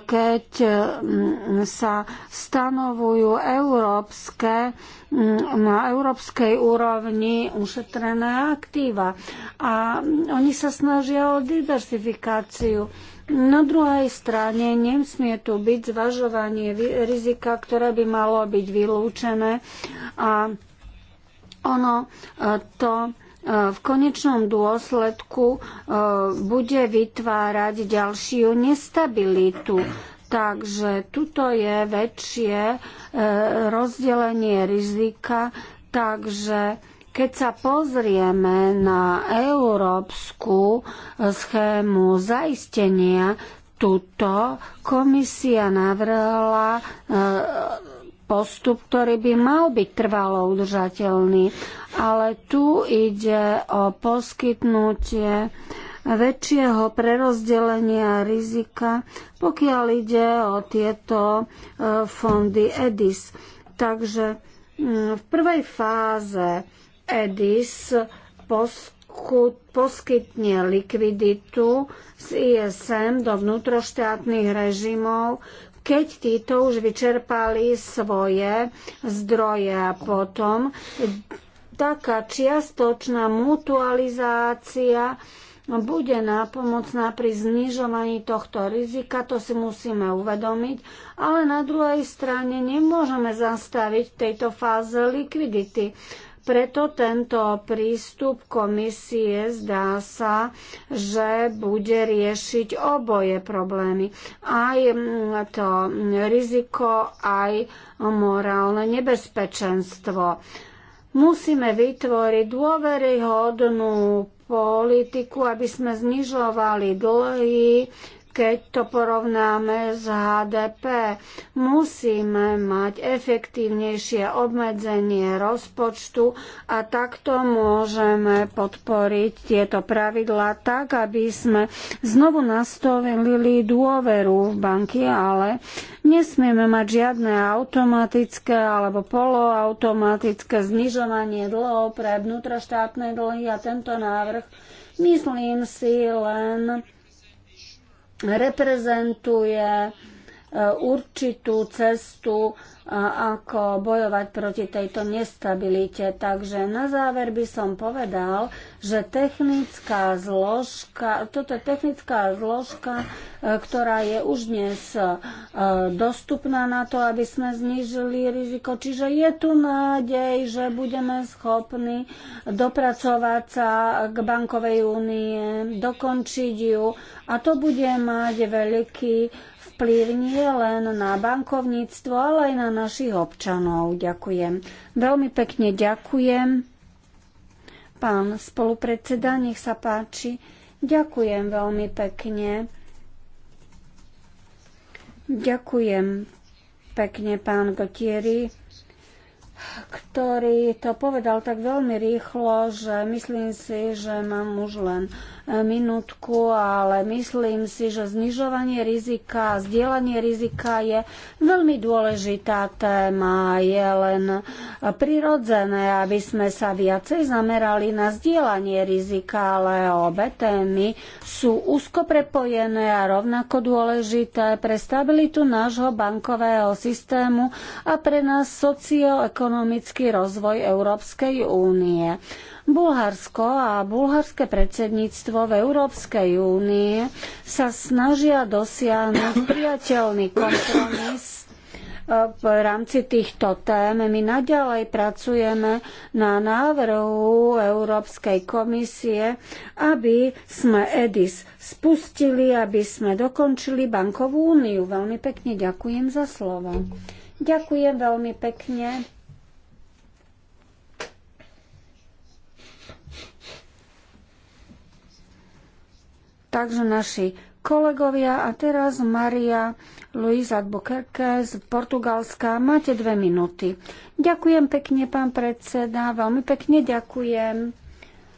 keď e, sa stanovujú európske, na európskej úrovni ušetrené aktíva. A oni sa snažia o diversifikáciu. Na druhej strane nesmie tu byť zvažovanie rizika, ktoré by malo byť vylúčené a ono e, to v konečnom dôsledku e, bude vytvárať ďalšiu nestabilitu. Takže tuto je väčšie e, rozdelenie rizika, takže keď sa pozrieme na európsku e, schému zaistenia, tuto komisia navrhla postup, ktorý by mal byť trvalo udržateľný, ale tu ide o poskytnutie väčšieho prerozdelenia rizika, pokiaľ ide o tieto e, fondy EDIS. Takže mm, v prvej fáze EDIS poskytne likviditu z ISM do vnútroštátnych režimov keď títo už vyčerpali svoje zdroje a potom taká čiastočná mutualizácia bude nápomocná pri znižovaní tohto rizika, to si musíme uvedomiť, ale na druhej strane nemôžeme zastaviť v tejto fáze likvidity. Preto tento prístup komisie zdá sa, že bude riešiť oboje problémy. Aj mm, to riziko, aj morálne nebezpečenstvo. Musíme vytvoriť dôveryhodnú politiku, aby sme znižovali dlhy, keď to porovnáme s HDP. Musíme mať efektívnejšie obmedzenie rozpočtu a takto môžeme podporiť tieto pravidlá tak, aby sme znovu nastavili dôveru v banky, ale nesmieme mať žiadne automatické alebo poloautomatické znižovanie dlhov pre vnútroštátne dlhy a tento návrh myslím si len reprezentuje určitú cestu, ako bojovať proti tejto nestabilite. Takže na záver by som povedal, že technická zložka, toto je technická zložka, e, ktorá je už dnes e, dostupná na to, aby sme znížili riziko. Čiže je tu nádej, že budeme schopní dopracovať sa k bankovej únie, dokončiť ju a to bude mať veľký vplyv nie len na bankovníctvo, ale aj na našich občanov. Ďakujem. Veľmi pekne ďakujem. Pán spolupredseda, nech sa páči. Ďakujem veľmi pekne. Ďakujem pekne, pán Gotieri ktorý to povedal tak veľmi rýchlo, že myslím si, že mám už len minútku, ale myslím si, že znižovanie rizika, zdieľanie rizika je veľmi dôležitá téma. Je len prirodzené, aby sme sa viacej zamerali na zdieľanie rizika, ale obe témy sú úzko prepojené a rovnako dôležité pre stabilitu nášho bankového systému a pre nás socioekonomický rozvoj Európskej únie. Bulharsko a bulharské predsedníctvo v Európskej únie sa snažia dosiahnuť priateľný kompromis e, v rámci týchto tém. My naďalej pracujeme na návrhu Európskej komisie, aby sme EDIS spustili, aby sme dokončili bankovú úniu. Veľmi pekne ďakujem za slovo. Ďakujem veľmi pekne. Takže naši kolegovia a teraz Maria Luisa Bukerke z Portugalska. Máte dve minúty. Ďakujem pekne, pán predseda. Veľmi pekne ďakujem.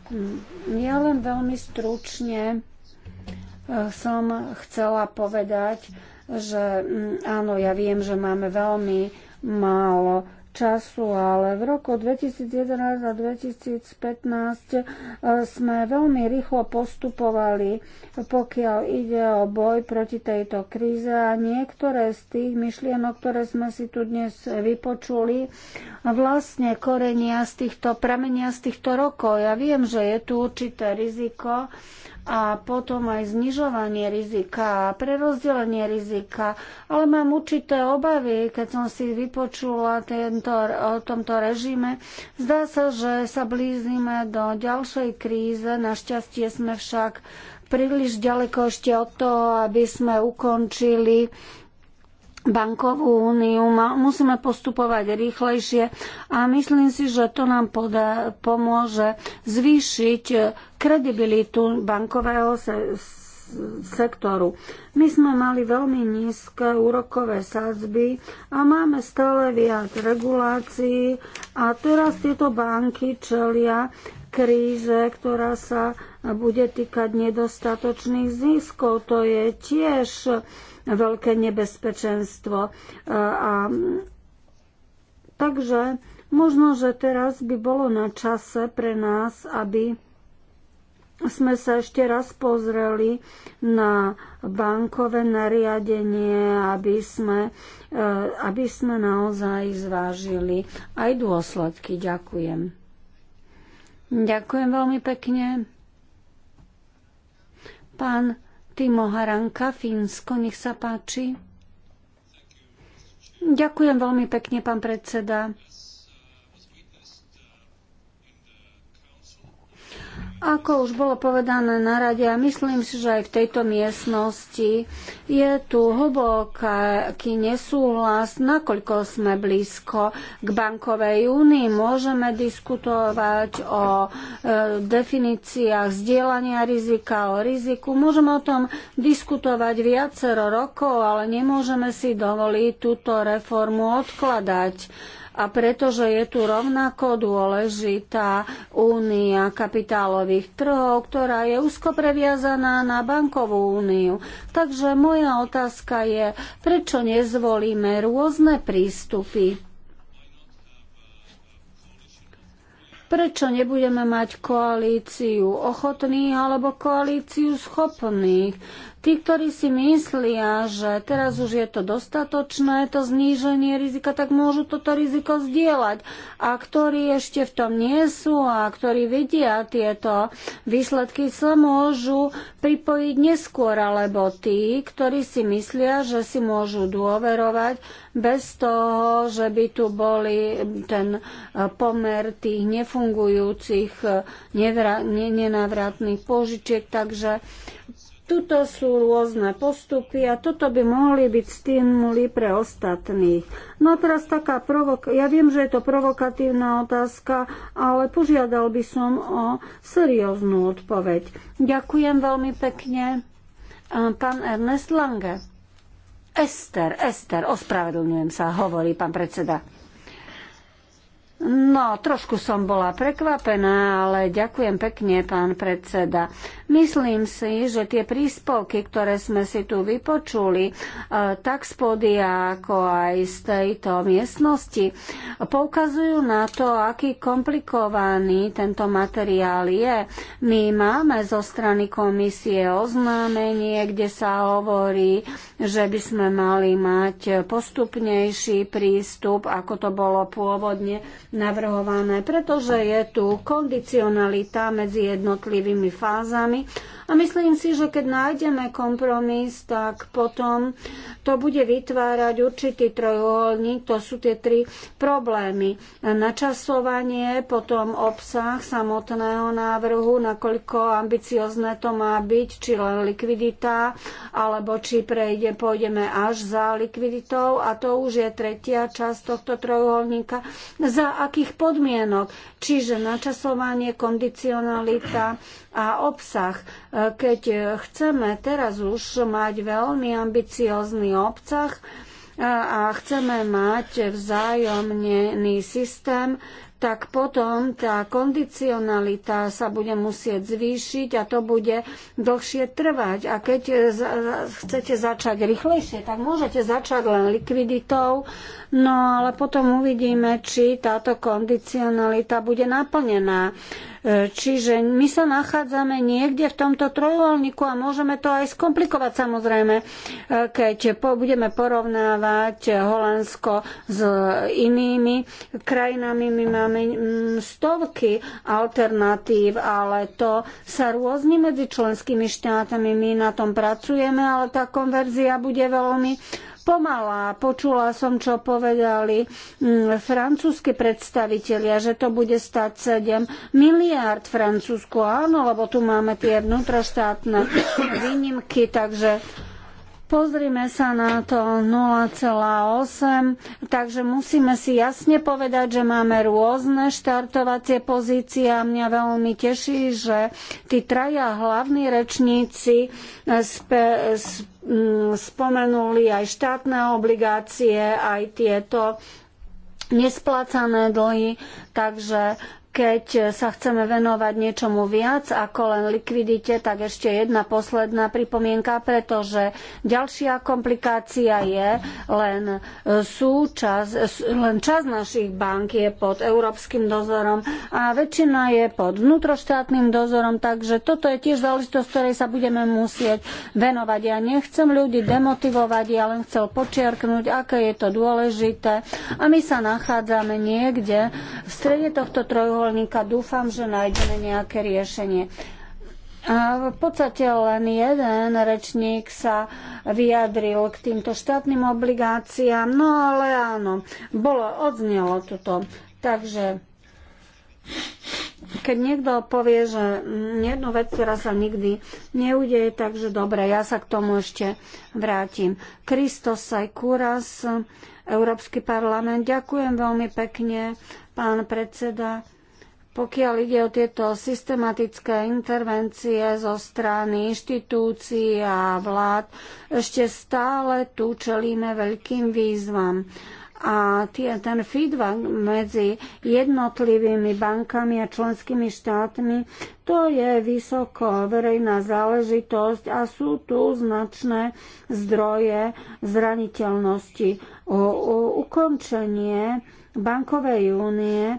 Mm, ja len veľmi stručne e, som chcela povedať, že mm, áno, ja viem, že máme veľmi málo času, ale v roku 2011 a 2015 e, sme veľmi rýchlo postupovali, pokiaľ ide o boj proti tejto kríze a niektoré z tých myšlienok, ktoré sme si tu dnes vypočuli, vlastne korenia z týchto, pramenia z týchto rokov. Ja viem, že je tu určité riziko, a potom aj znižovanie rizika, prerozdelenie rizika, ale mám určité obavy, keď som si vypočula tento, o tomto režime. Zdá sa, že sa blízime do ďalšej kríze, našťastie sme však príliš ďaleko ešte od toho, aby sme ukončili bankovú úniu, musíme postupovať rýchlejšie a myslím si, že to nám pomôže zvýšiť eh, kredibilitu bankového se, sektoru. My sme mali veľmi nízke úrokové sadzby a máme stále viac regulácií a teraz tieto banky čelia kríze, ktorá sa bude týkať nedostatočných ziskov. To je tiež veľké nebezpečenstvo. A, takže možno, že teraz by bolo na čase pre nás, aby sme sa ešte raz pozreli na bankové nariadenie, aby sme, e, aby sme naozaj zvážili aj dôsledky. Ďakujem. Ďakujem veľmi pekne. Pán Timo Haranka, Fínsko, nech sa páči. Ďakujem veľmi pekne, pán predseda. Ako už bolo povedané na rade, a myslím si, že aj v tejto miestnosti je tu hlboký nesúhlas, nakoľko sme blízko k bankovej únii. Môžeme diskutovať o e, definíciách zdieľania rizika, o riziku. Môžeme o tom diskutovať viacero rokov, ale nemôžeme si dovoliť túto reformu odkladať a pretože je tu rovnako dôležitá únia kapitálových trhov, ktorá je úzko previazaná na bankovú úniu. Takže moja otázka je, prečo nezvolíme rôzne prístupy? Prečo nebudeme mať koalíciu ochotných alebo koalíciu schopných? Tí, ktorí si myslia, že teraz už je to dostatočné, to zníženie rizika, tak môžu toto riziko zdieľať. A ktorí ešte v tom nie sú a ktorí vidia tieto výsledky, sa môžu pripojiť neskôr, alebo tí, ktorí si myslia, že si môžu dôverovať bez toho, že by tu boli ten e, pomer tých nefungujúcich e, nenávratných požičiek. Takže Tuto sú rôzne postupy a toto by mohli byť stimuli pre ostatných. No a teraz taká provok- ja viem, že je to provokatívna otázka, ale požiadal by som o serióznu odpoveď. Ďakujem veľmi pekne. Pán Ernest Lange. Ester, Ester, ospravedlňujem sa, hovorí pán predseda. No, trošku som bola prekvapená, ale ďakujem pekne, pán predseda. Myslím si, že tie príspevky, ktoré sme si tu vypočuli, e, tak z podia, ako aj z tejto miestnosti, poukazujú na to, aký komplikovaný tento materiál je. My máme zo strany komisie oznámenie, kde sa hovorí, že by sme mali mať postupnejší prístup, ako to bolo pôvodne navrhované, pretože je tu kondicionalita medzi jednotlivými fázami a myslím si, že keď nájdeme kompromis, tak potom to bude vytvárať určitý trojuholník, to sú tie tri problémy. Načasovanie, potom obsah samotného návrhu, nakoľko ambiciozne to má byť, či len likvidita, alebo či prejde, pôjdeme až za likviditou a to už je tretia časť tohto trojuholníka. Za akých podmienok. Čiže načasovanie, kondicionalita a obsah. E, keď e, chceme teraz už mať veľmi ambiciózny obsah, e, a chceme mať vzájomný systém, tak potom tá kondicionalita sa bude musieť zvýšiť a to bude dlhšie trvať. A keď e, chcete začať rýchlejšie, tak môžete začať len likviditou, no ale potom uvidíme, či táto kondicionalita bude naplnená. E, čiže my sa nachádzame niekde v tomto trojuholníku a môžeme to aj skomplikovať samozrejme, e, keď budeme porovnávať Holandsko s inými krajinami. My máme mm, stovky alternatív, ale to sa rôzni medzi členskými štátami. My na tom pracujeme, ale tá konverzia bude veľmi spomalá. Počula som, čo povedali mm, predstavitelia, že to bude stať 7 miliárd Francúzsku. Áno, lebo tu máme tie vnútroštátne výnimky, takže Pozrime sa na to 0,8, takže musíme si jasne povedať, že máme rôzne štartovacie pozície a mňa veľmi teší, že tí traja hlavní rečníci z, z Mm, spomenuli aj štátne obligácie, aj tieto nesplácané dlhy, takže keď sa chceme venovať niečomu viac ako len likvidite, tak ešte jedna posledná pripomienka, pretože ďalšia komplikácia je len e, súčas, e, len čas našich bank je pod európskym dozorom a väčšina je pod vnútroštátnym dozorom, takže toto je tiež záležitosť, ktorej sa budeme musieť venovať. Ja nechcem ľudí demotivovať, ja len chcel počiarknúť, aké je to dôležité a my sa nachádzame niekde v strede tohto trojuholníka dobrovoľníka. Dúfam, že nájdeme nejaké riešenie. A v podstate len jeden rečník sa vyjadril k týmto štátnym obligáciám, no ale áno, bolo, odznelo toto. Takže keď niekto povie, že jednu vec, ktorá sa nikdy neudeje, takže dobre, ja sa k tomu ešte vrátim. Kristos Sajkuras, Európsky parlament, ďakujem veľmi pekne, pán predseda pokiaľ ide o tieto systematické intervencie zo strany inštitúcií a vlád, ešte stále tu čelíme veľkým výzvam a tie, ten feedback medzi jednotlivými bankami a členskými štátmi, to je vysoko verejná záležitosť a sú tu značné zdroje zraniteľnosti. O, o ukončenie bankovej únie e,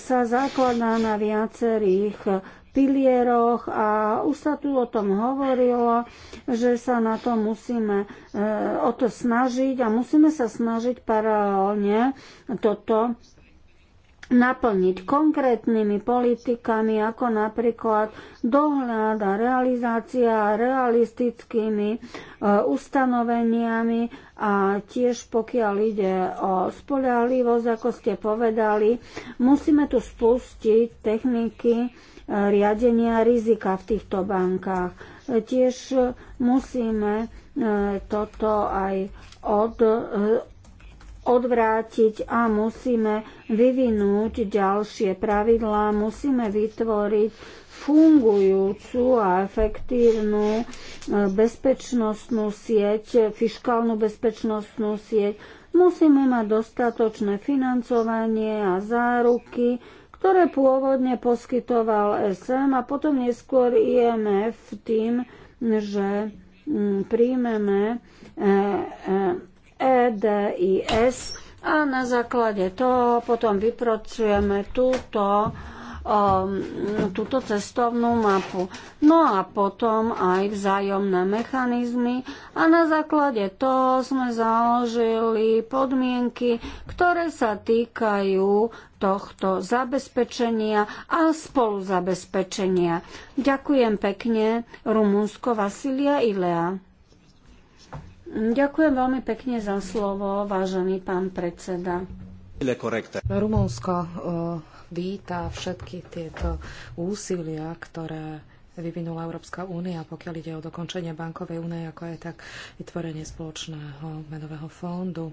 sa zakladá na viacerých pilieroch a už sa tu o tom hovorilo, že sa na to musíme e, o to snažiť a musíme sa snažiť paralelne toto naplniť konkrétnymi politikami, ako napríklad dohľad a realizácia realistickými e, ustanoveniami a tiež pokiaľ ide o spolahlivosť, ako ste povedali, musíme tu spustiť techniky e, riadenia rizika v týchto bankách. E, tiež musíme e, toto aj od, e, odvrátiť a musíme vyvinúť ďalšie pravidlá, musíme vytvoriť fungujúcu a efektívnu e, bezpečnostnú sieť, fiskálnu bezpečnostnú sieť. Musíme mať dostatočné financovanie a záruky, ktoré pôvodne poskytoval SM a potom neskôr IMF tým, že mm, príjmeme e, e, EDIS a na základe toho potom vypracujeme túto um, túto cestovnú mapu. No a potom aj vzájomné mechanizmy a na základe toho sme založili podmienky, ktoré sa týkajú tohto zabezpečenia a spoluzabezpečenia. Ďakujem pekne, Rumunsko Vasilia Ilea. Ďakujem veľmi pekne za slovo, vážený pán predseda. Rumunsko eh, víta všetky tieto úsilia, ktoré vyvinula Európska únia, pokiaľ ide o dokončenie bankovej únie, ako je tak vytvorenie spoločného menového fondu. Eh,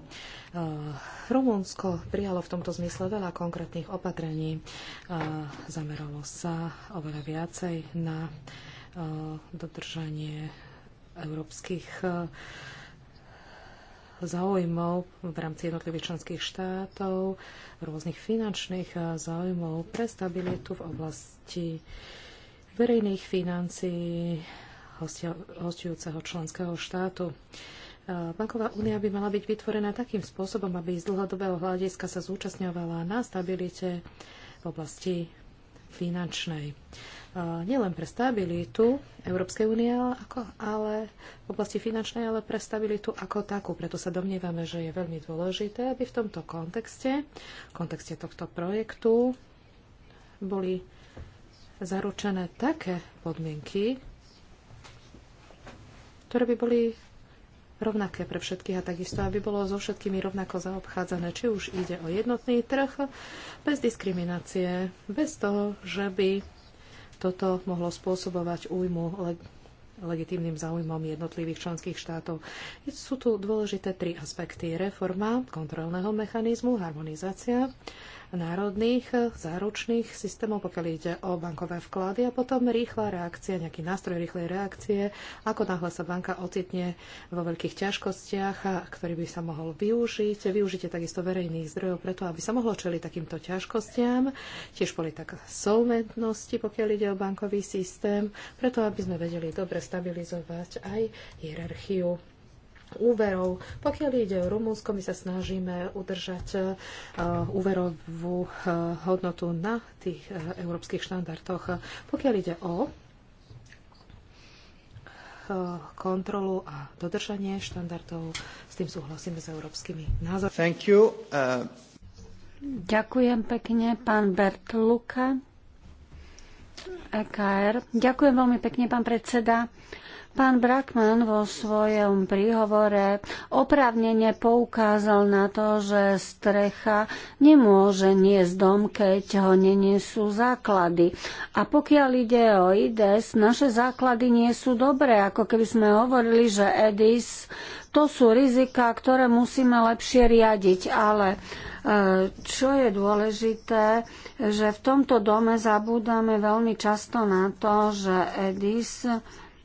Rumunsko prijalo v tomto zmysle veľa konkrétnych opatrení. Eh, zameralo sa oveľa viacej na dodržanie európskych záujmov v rámci jednotlivých členských štátov, rôznych finančných eh, záujmov pre stabilitu v oblasti verejných financií hostujúceho členského štátu. Eh, Banková únia by mala byť vytvorená takým spôsobom, aby z dlhodobého hľadiska sa zúčastňovala na stabilite v oblasti finančnej. Nielen pre stabilitu Európskej únie, ale v oblasti finančnej, ale pre stabilitu ako takú. Preto sa domnievame, že je veľmi dôležité, aby v tomto kontexte, v kontexte tohto projektu, boli zaručené také podmienky, ktoré by boli rovnaké pre všetkých a takisto, aby bolo so všetkými rovnako zaobchádzané, či už ide o jednotný trh, bez diskriminácie, bez toho, že by toto mohlo spôsobovať újmu legitímnym záujmom jednotlivých členských štátov. Sú tu dôležité tri aspekty. Reforma kontrolného mechanizmu, harmonizácia národných eh, záručných systémov, pokiaľ ide o bankové vklady a potom rýchla reakcia, nejaký nástroj rýchlej reakcie, ako náhle sa banka ocitne vo veľkých ťažkostiach, eh, ktorý by sa mohol využiť. Využite takisto verejných zdrojov preto, aby sa mohlo čeliť takýmto ťažkostiam. Tiež boli tak solventnosti, pokiaľ ide o bankový systém, preto aby sme vedeli dobre stabilizovať aj hierarchiu úverov. Pokiaľ ide o Rumunsko, my sa snažíme udržať eh, úverovú eh, hodnotu na tých eh, európskych štandardoch. Pokiaľ ide o kontrolu a dodržanie štandardov. S tým súhlasíme s európskymi názormi. Thank you. Uh... Ďakujem pekne, pán Bert Luka. EKR. Ďakujem veľmi pekne, pán predseda. Pán Brackman vo svojom príhovore oprávnene poukázal na to, že strecha nemôže niesť dom, keď ho nenesú základy. A pokiaľ ide o IDES, naše základy nie sú dobré, ako keby sme hovorili, že EDIS to sú rizika, ktoré musíme lepšie riadiť, ale e, čo je dôležité, že v tomto dome zabúdame veľmi často na to, že EDIS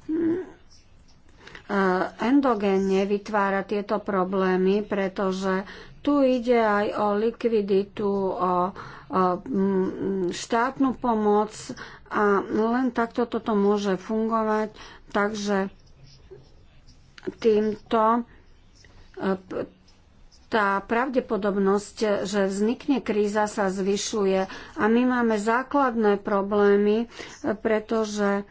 hm, E, endogénne vytvára tieto problémy, pretože tu ide aj o likviditu, o, o mm, štátnu pomoc a len takto toto môže fungovať. Takže týmto e, tá pravdepodobnosť, že vznikne kríza, sa zvyšuje. A my máme základné problémy, e, pretože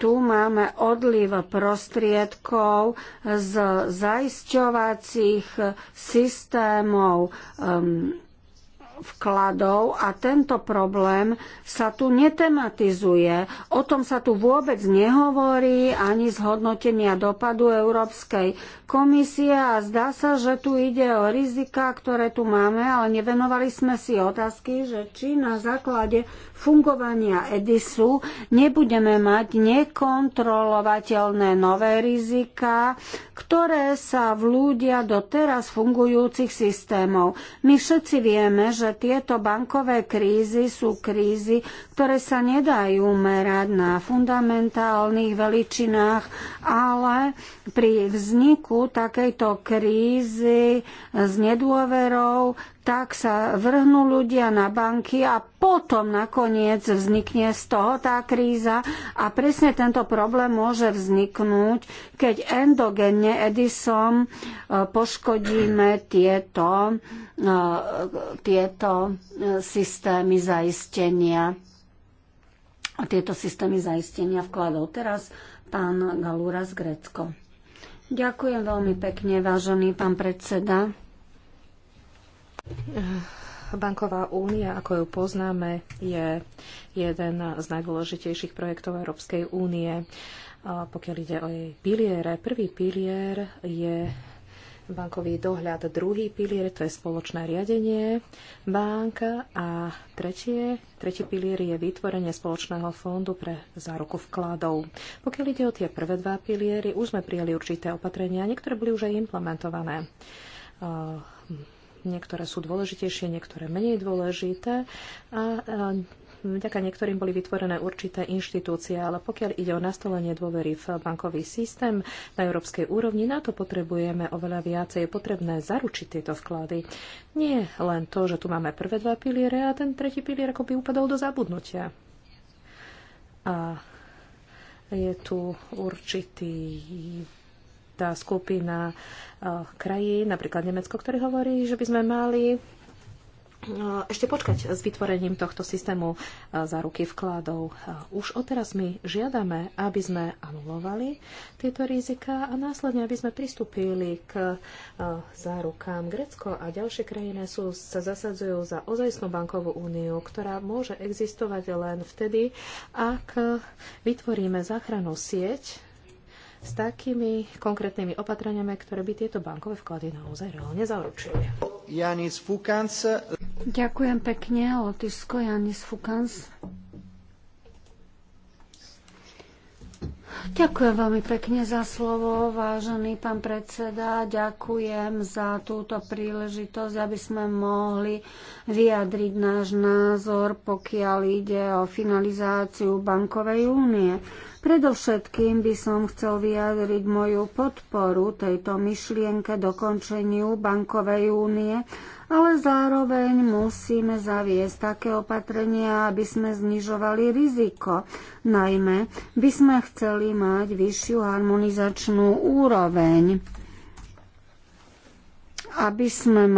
tu máme odliv prostriedkov z zaisťovacích systémov um, vkladov a tento problém sa tu netematizuje. O tom sa tu vôbec nehovorí ani z hodnotenia dopadu Európskej komisie a zdá sa, že tu ide o rizika, ktoré tu máme, ale nevenovali sme si otázky, že či na základe fungovania Edisu nebudeme mať nekontrolovateľné nové rizika, ktoré sa vlúdia do teraz fungujúcich systémov. My všetci vieme, že tieto bankové krízy sú krízy, ktoré sa nedajú merať na fundamentálnych veličinách, ale pri vzniku takejto krízy s nedôverou tak sa vrhnú ľudia na banky a potom nakoniec vznikne z toho tá kríza a presne tento problém môže vzniknúť, keď endogenne Edison e, poškodíme tieto, e, tieto e, systémy zaistenia a tieto systémy zaistenia vkladov. Teraz pán Galúra z Grecko. Ďakujem veľmi pekne, vážený pán predseda. Banková únia, ako ju poznáme, je jeden z najdôležitejších projektov Európskej únie. Pokiaľ ide o jej piliere, prvý pilier je bankový dohľad, druhý pilier to je spoločné riadenie bank a tretie, tretí pilier je vytvorenie spoločného fondu pre záruku vkladov. Pokiaľ ide o tie prvé dva piliery, už sme prijali určité opatrenia, niektoré boli už aj implementované Niektoré sú dôležitejšie, niektoré menej dôležité a vďaka niektorým boli vytvorené určité inštitúcie, ale pokiaľ ide o nastolenie dôvery v bankový systém na európskej úrovni, na to potrebujeme oveľa viacej. Je potrebné zaručiť tieto vklady. Nie len to, že tu máme prvé dva piliere a ten tretí pilier ako by upadol do zabudnutia. A je tu určitý tá skupina eh, krajín, napríklad Nemecko, ktorý hovorí, že by sme mali eh, ešte počkať s vytvorením tohto systému eh, záruky vkladov. Už odteraz my žiadame, aby sme anulovali tieto rizika a následne, aby sme pristúpili k zárukám. Grecko a ďalšie krajiny sú, sa zasadzujú za ozajstnú bankovú úniu, ktorá môže existovať len vtedy, ak vytvoríme záchranu sieť s takými konkrétnymi opatreniami, ktoré by tieto bankové vklady naozaj reálne zaručili. Janis Fukans. Ďakujem pekne, Lotisko Janis Fukans. Ďakujem veľmi pekne za slovo, vážený pán predseda. Ďakujem za túto príležitosť, aby sme mohli vyjadriť náš názor, pokiaľ ide o finalizáciu bankovej únie. Predovšetkým by som chcel vyjadriť moju podporu tejto myšlienke dokončeniu bankovej únie, ale zároveň musíme zaviesť také opatrenia, aby sme znižovali riziko. Najmä by sme chceli mať vyššiu harmonizačnú úroveň aby sme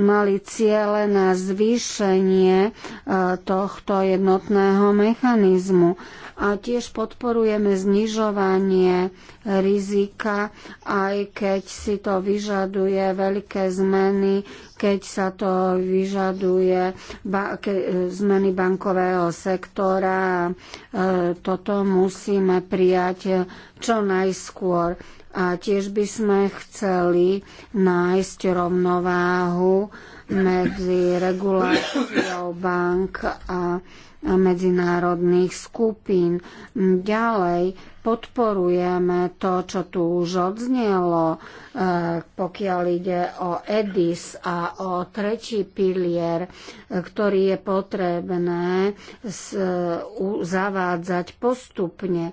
mali ciele na zvýšenie e, tohto jednotného mechanizmu. A tiež podporujeme znižovanie rizika, aj keď si to vyžaduje veľké zmeny, keď sa to vyžaduje ba- ke- zmeny bankového sektora. E, toto musíme prijať čo najskôr. A tiež by sme chceli nájsť rovnováhu medzi reguláciou bank a medzinárodných skupín. Ďalej podporujeme to, čo tu už odznelo, e, pokiaľ ide o EDIS a o tretí pilier, e, ktorý je potrebné e, zavádzať postupne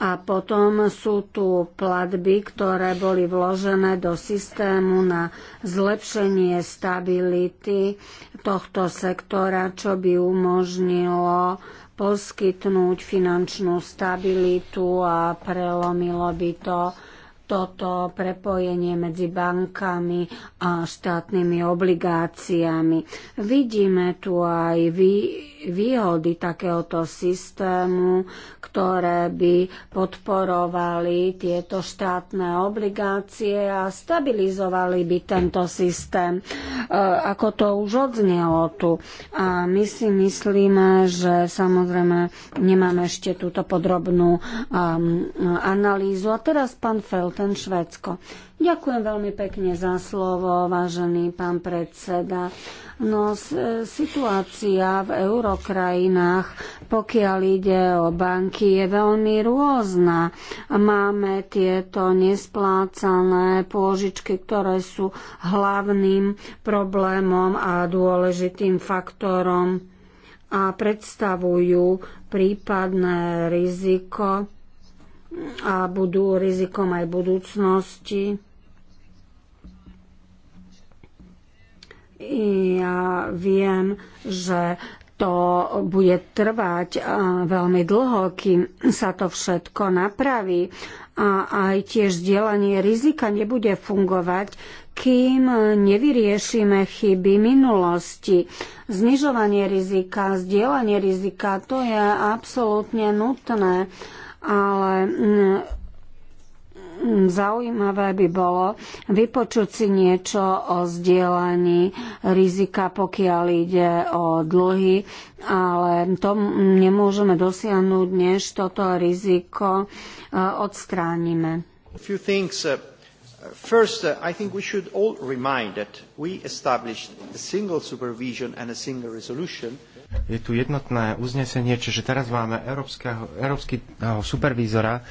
a potom sú tu platby, ktoré boli vložené do systému na zlepšenie stability tohto sektora, čo by umožnilo poskytnúť finančnú stabilitu a prelomilo by to toto prepojenie medzi bankami a štátnymi obligáciami. Vidíme tu aj vy, výhody takéhoto systému, ktoré by podporovali tieto štátne obligácie a stabilizovali by tento systém, e, ako to už odznelo tu. A my si myslíme, že samozrejme nemáme ešte túto podrobnú um, analýzu. A teraz pán Felt potom Švedsko. Ďakujem veľmi pekne za slovo, vážený pán predseda. No, e, situácia v eurokrajinách, pokiaľ ide o banky, je veľmi rôzna. Máme tieto nesplácané pôžičky, ktoré sú hlavným problémom a dôležitým faktorom a predstavujú prípadné riziko a budú rizikom aj budúcnosti. Ja viem, že to bude trvať eh, veľmi dlho, kým sa to všetko napraví a aj tiež zdieľanie rizika nebude fungovať, kým nevyriešime chyby minulosti. Znižovanie rizika, zdieľanie rizika, to je absolútne nutné ale mm, mm, zaujímavé by bolo vypočuť si niečo o zdieľaní rizika, pokiaľ ide o dlhy, ale to nemôžeme dosiahnuť, než toto riziko e, odstránime. Uh, first, uh, I think we should all remind that we established a single supervision and a single resolution je tu jednotné uznesenie, čiže teraz máme európskeho, európskeho supervízora,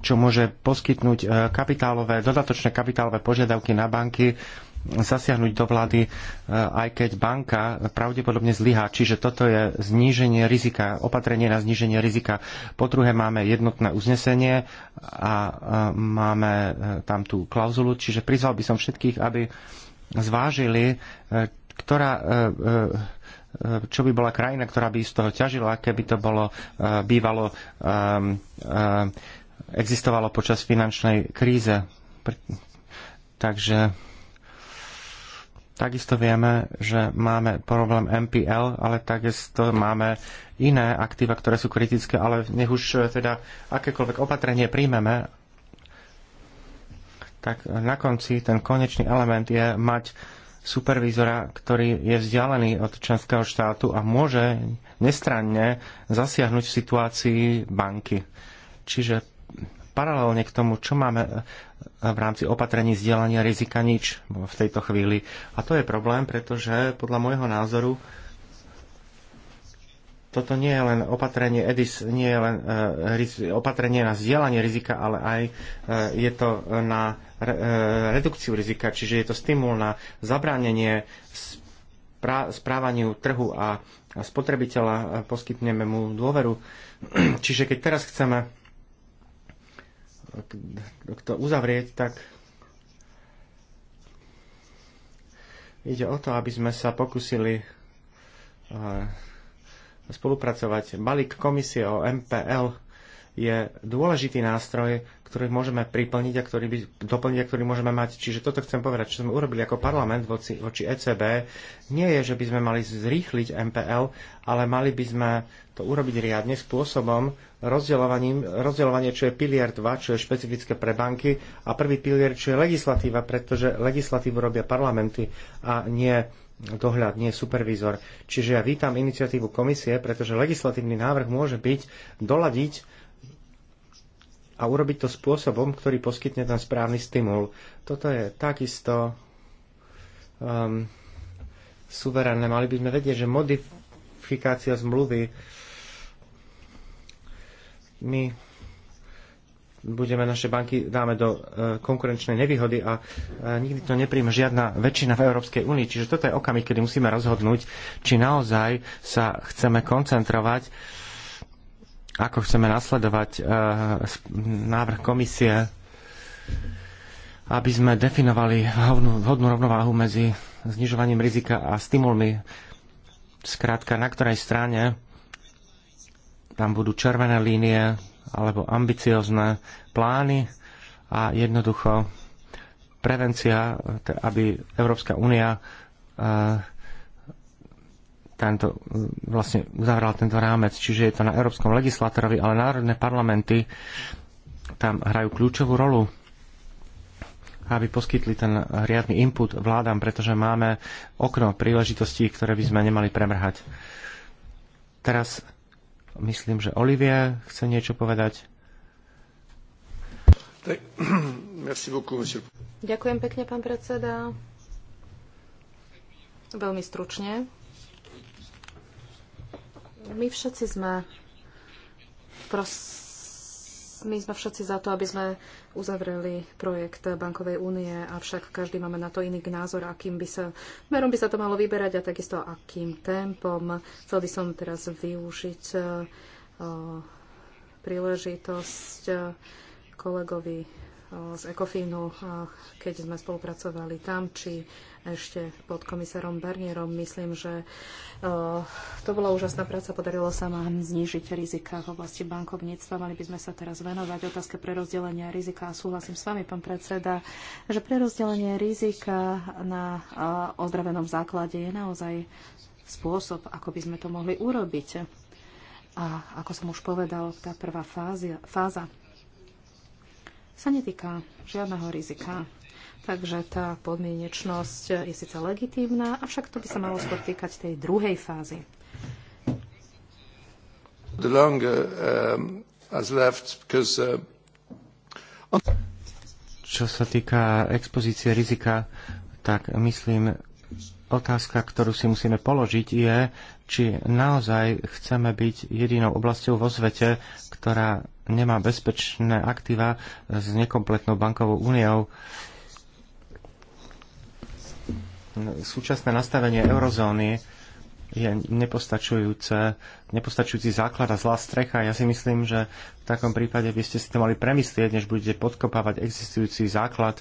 čo môže poskytnúť e, kapitálové, dodatočné kapitálové požiadavky na banky, zasiahnuť do vlády, e, aj keď banka pravdepodobne zlyhá. Čiže toto je zníženie rizika, opatrenie na zníženie rizika. Po druhé máme jednotné uznesenie a e, máme tam tú klauzulu, čiže prizval by som všetkých, aby zvážili, ktorá E, čo by bola krajina, ktorá by z toho ťažila, keby to bolo e, bývalo e, existovalo počas finančnej kríze. Takže takisto vieme, že máme problém MPL, ale takisto máme iné aktíva, ktoré sú kritické, ale nech už teda akékoľvek opatrenie príjmeme, tak na konci ten konečný element je mať supervízora, ktorý je vzdialený od členského štátu a môže nestranne zasiahnuť v situácii banky. Čiže paralelne k tomu, čo máme e, v rámci opatrení zdieľania rizika nič v tejto chvíli. A to je problém, pretože podľa môjho názoru toto nie je len opatrenie EDIS, nie je len e, opatrenie na zdieľanie rizika, ale aj e, je to na e, redukciu rizika, čiže je to stimul na zabránenie správaniu trhu a spotrebiteľa, poskytneme mu dôveru. *clears throat* Čiže keď teraz chceme to uzavrieť, tak ide o to, aby sme sa pokusili spolupracovať. Balík komisie o MPL je dôležitý nástroj, ktorý môžeme priplniť a ktorý by, doplniť a ktorý môžeme mať. Čiže toto chcem povedať, čo sme urobili ako parlament voči, voči e ECB, nie je, že by sme mali zrýchliť MPL, ale mali by sme to urobiť riadne spôsobom rozdeľovaním, rozdeľovanie, čo je pilier 2, čo je špecifické pre banky a prvý pilier, čo je legislatíva, pretože legislatívu robia parlamenty a nie dohľad, nie supervízor. Čiže ja vítam iniciatívu komisie, pretože legislatívny návrh môže byť doladiť a urobiť to spôsobom, ktorý poskytne ten správny stimul. Toto je takisto um, suverénne. Mali by sme vedieť, že modifikácia zmluvy my budeme naše banky dáme do e, konkurenčnej nevýhody a e, nikdy to nepríjme žiadna väčšina v Európskej únii. Čiže toto je okamih, kedy musíme rozhodnúť, či naozaj sa chceme koncentrovať, ako chceme nasledovať e, návrh komisie, aby sme definovali vhodnú rovnováhu medzi znižovaním rizika a stimulmi. zkrátka na ktorej strane tam budú červené línie, alebo ambiciozne plány a jednoducho prevencia, aby Európska únia e, tento, vlastne zavrala tento rámec, čiže je to na európskom legislatorovi, ale národné parlamenty tam hrajú kľúčovú rolu, aby poskytli ten riadny input vládam, pretože máme okno príležitostí, ktoré by sme nemali premrhať. Teraz Myslím, že Olivia chce niečo povedať. *clears throat* Ďakujem pekne, pán predseda. Veľmi stručne. My všetci sme pros- my sme všetci za to, aby sme uzavreli projekt bankovej únie, avšak každý máme na to iný názor, akým by sa, merom by sa to malo vyberať a takisto akým tempom. Chcel by som teraz využiť eh, príležitosť eh, kolegovi z Ecofinu, keď sme spolupracovali tam, či ešte pod komisárom Barnierom. Myslím, že e, to bola úžasná práca. Podarilo sa nám znížiť rizika v oblasti bankovníctva. Mali by sme sa teraz venovať otázke prerozdelenia rizika. A súhlasím s vami, pán predseda, že prerozdelenie rizika na e, ozdravenom základe je naozaj spôsob, ako by sme to mohli urobiť. A ako som už povedal, tá prvá fáza sa netýka žiadneho rizika. Takže tá podmienečnosť je síce legitímna, avšak to by sa malo skôr týkať tej druhej fázy. um, has left because uh, on... Čo sa týka expozície rizika, tak myslím, otázka, ktorú si musíme položiť, je, či naozaj chceme byť jedinou oblasťou vo svete, ktorá nemá bezpečné aktíva s nekompletnou bankovou úniou. Súčasné nastavenie eurozóny je nepostačujúce, nepostačujúci základ a zlá strecha. Ja si myslím, že v takom prípade by ste si to mali premyslieť, než budete podkopávať existujúci základ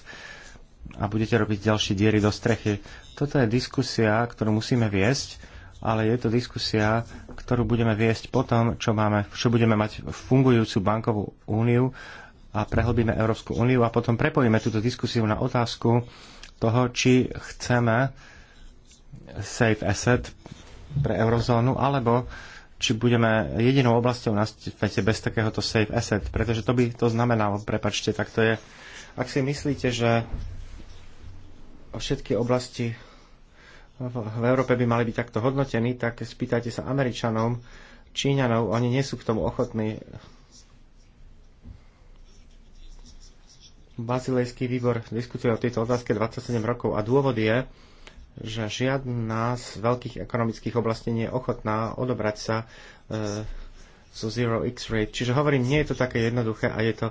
a budete robiť ďalšie diery do strechy. Toto je diskusia, ktorú musíme viesť ale je to diskusia, ktorú budeme viesť potom, čo, máme, čo budeme mať fungujúcu bankovú úniu a prehlbíme Európsku úniu a potom prepojíme túto diskusiu na otázku toho, či chceme safe asset pre eurozónu, alebo či budeme jedinou oblasťou na svete bez takéhoto safe asset, pretože to by to znamenalo, prepačte, tak to je, ak si myslíte, že všetky oblasti v Európe by mali byť takto hodnotení, tak spýtajte sa Američanom, Číňanov, oni nie sú k tomu ochotní. Bazilejský výbor diskutuje o tejto otázke 27 rokov a dôvod je, že žiadna z veľkých ekonomických oblastí nie je ochotná odobrať sa e, zo Zero X Rate. Čiže hovorím, nie je to také jednoduché a je to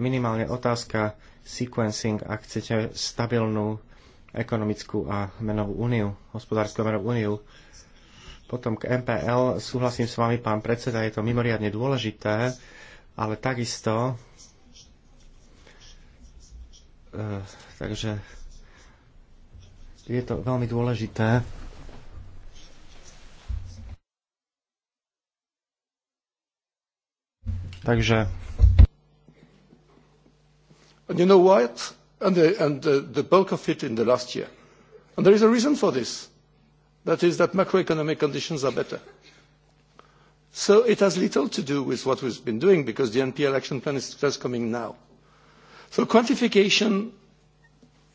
minimálne otázka sequencing, ak chcete stabilnú ekonomickú a menovú úniu, hospodárskú a menovú úniu. Potom k MPL súhlasím s vami, pán predseda, je to mimoriadne dôležité, ale takisto e, takže je to veľmi dôležité. Takže And you know what? and, the, and the, the bulk of it in the last year. And there is a reason for this. That is that macroeconomic conditions are better. So it has little to do with what we've been doing because the NPL action plan is just coming now. So quantification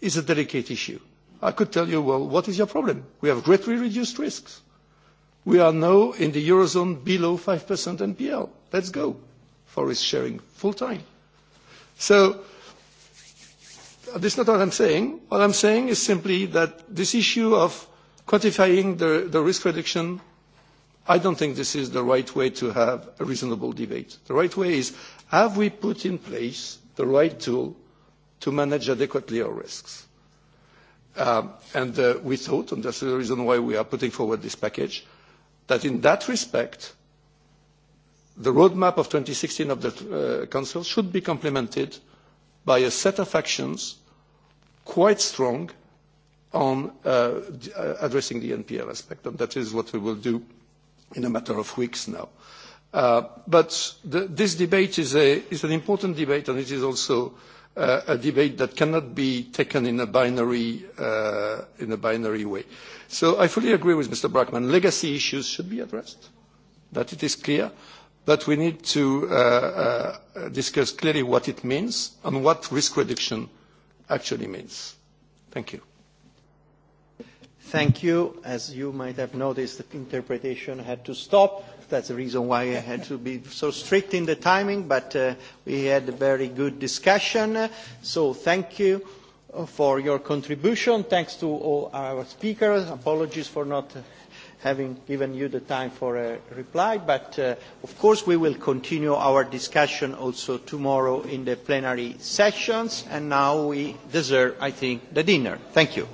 is a delicate issue. I could tell you, well, what is your problem? We have greatly reduced risks. We are now in the Eurozone below 5% NPL. Let's go for risk sharing full time. So Uh, this is not what I'm saying. What I'm saying is simply that this issue of quantifying the, the risk reduction, I don't think this is the right way to have a reasonable debate. The right way is, have we put in place the right tool to manage adequately our risks? Um, and uh, we thought, and that's the reason why we are putting forward this package, that in that respect, the roadmap of sixteen of the uh, Council should be complemented by a set of actions quite strong on uh, uh addressing the NPL aspect, and that is what we will do in a matter of weeks now. Uh, but the, this debate is, a, is an important debate, and it is also uh, a debate that cannot be taken in a, binary, uh, in a binary way. So I fully agree with Mr. Brackman. Legacy issues should be addressed. That it is clear but we need to uh, uh, discuss clearly what it means and what risk reduction actually means. Thank you. Thank you. As you might have noticed, the interpretation had to stop. That's the reason why I had to be so strict in the timing, but uh, we had a very good discussion. So thank you for your contribution. Thanks to all our speakers. Apologies for not having given you the time for a reply, but uh, of course we will continue our discussion also tomorrow in the plenary sessions, and now we deserve, I think, the dinner. Thank you.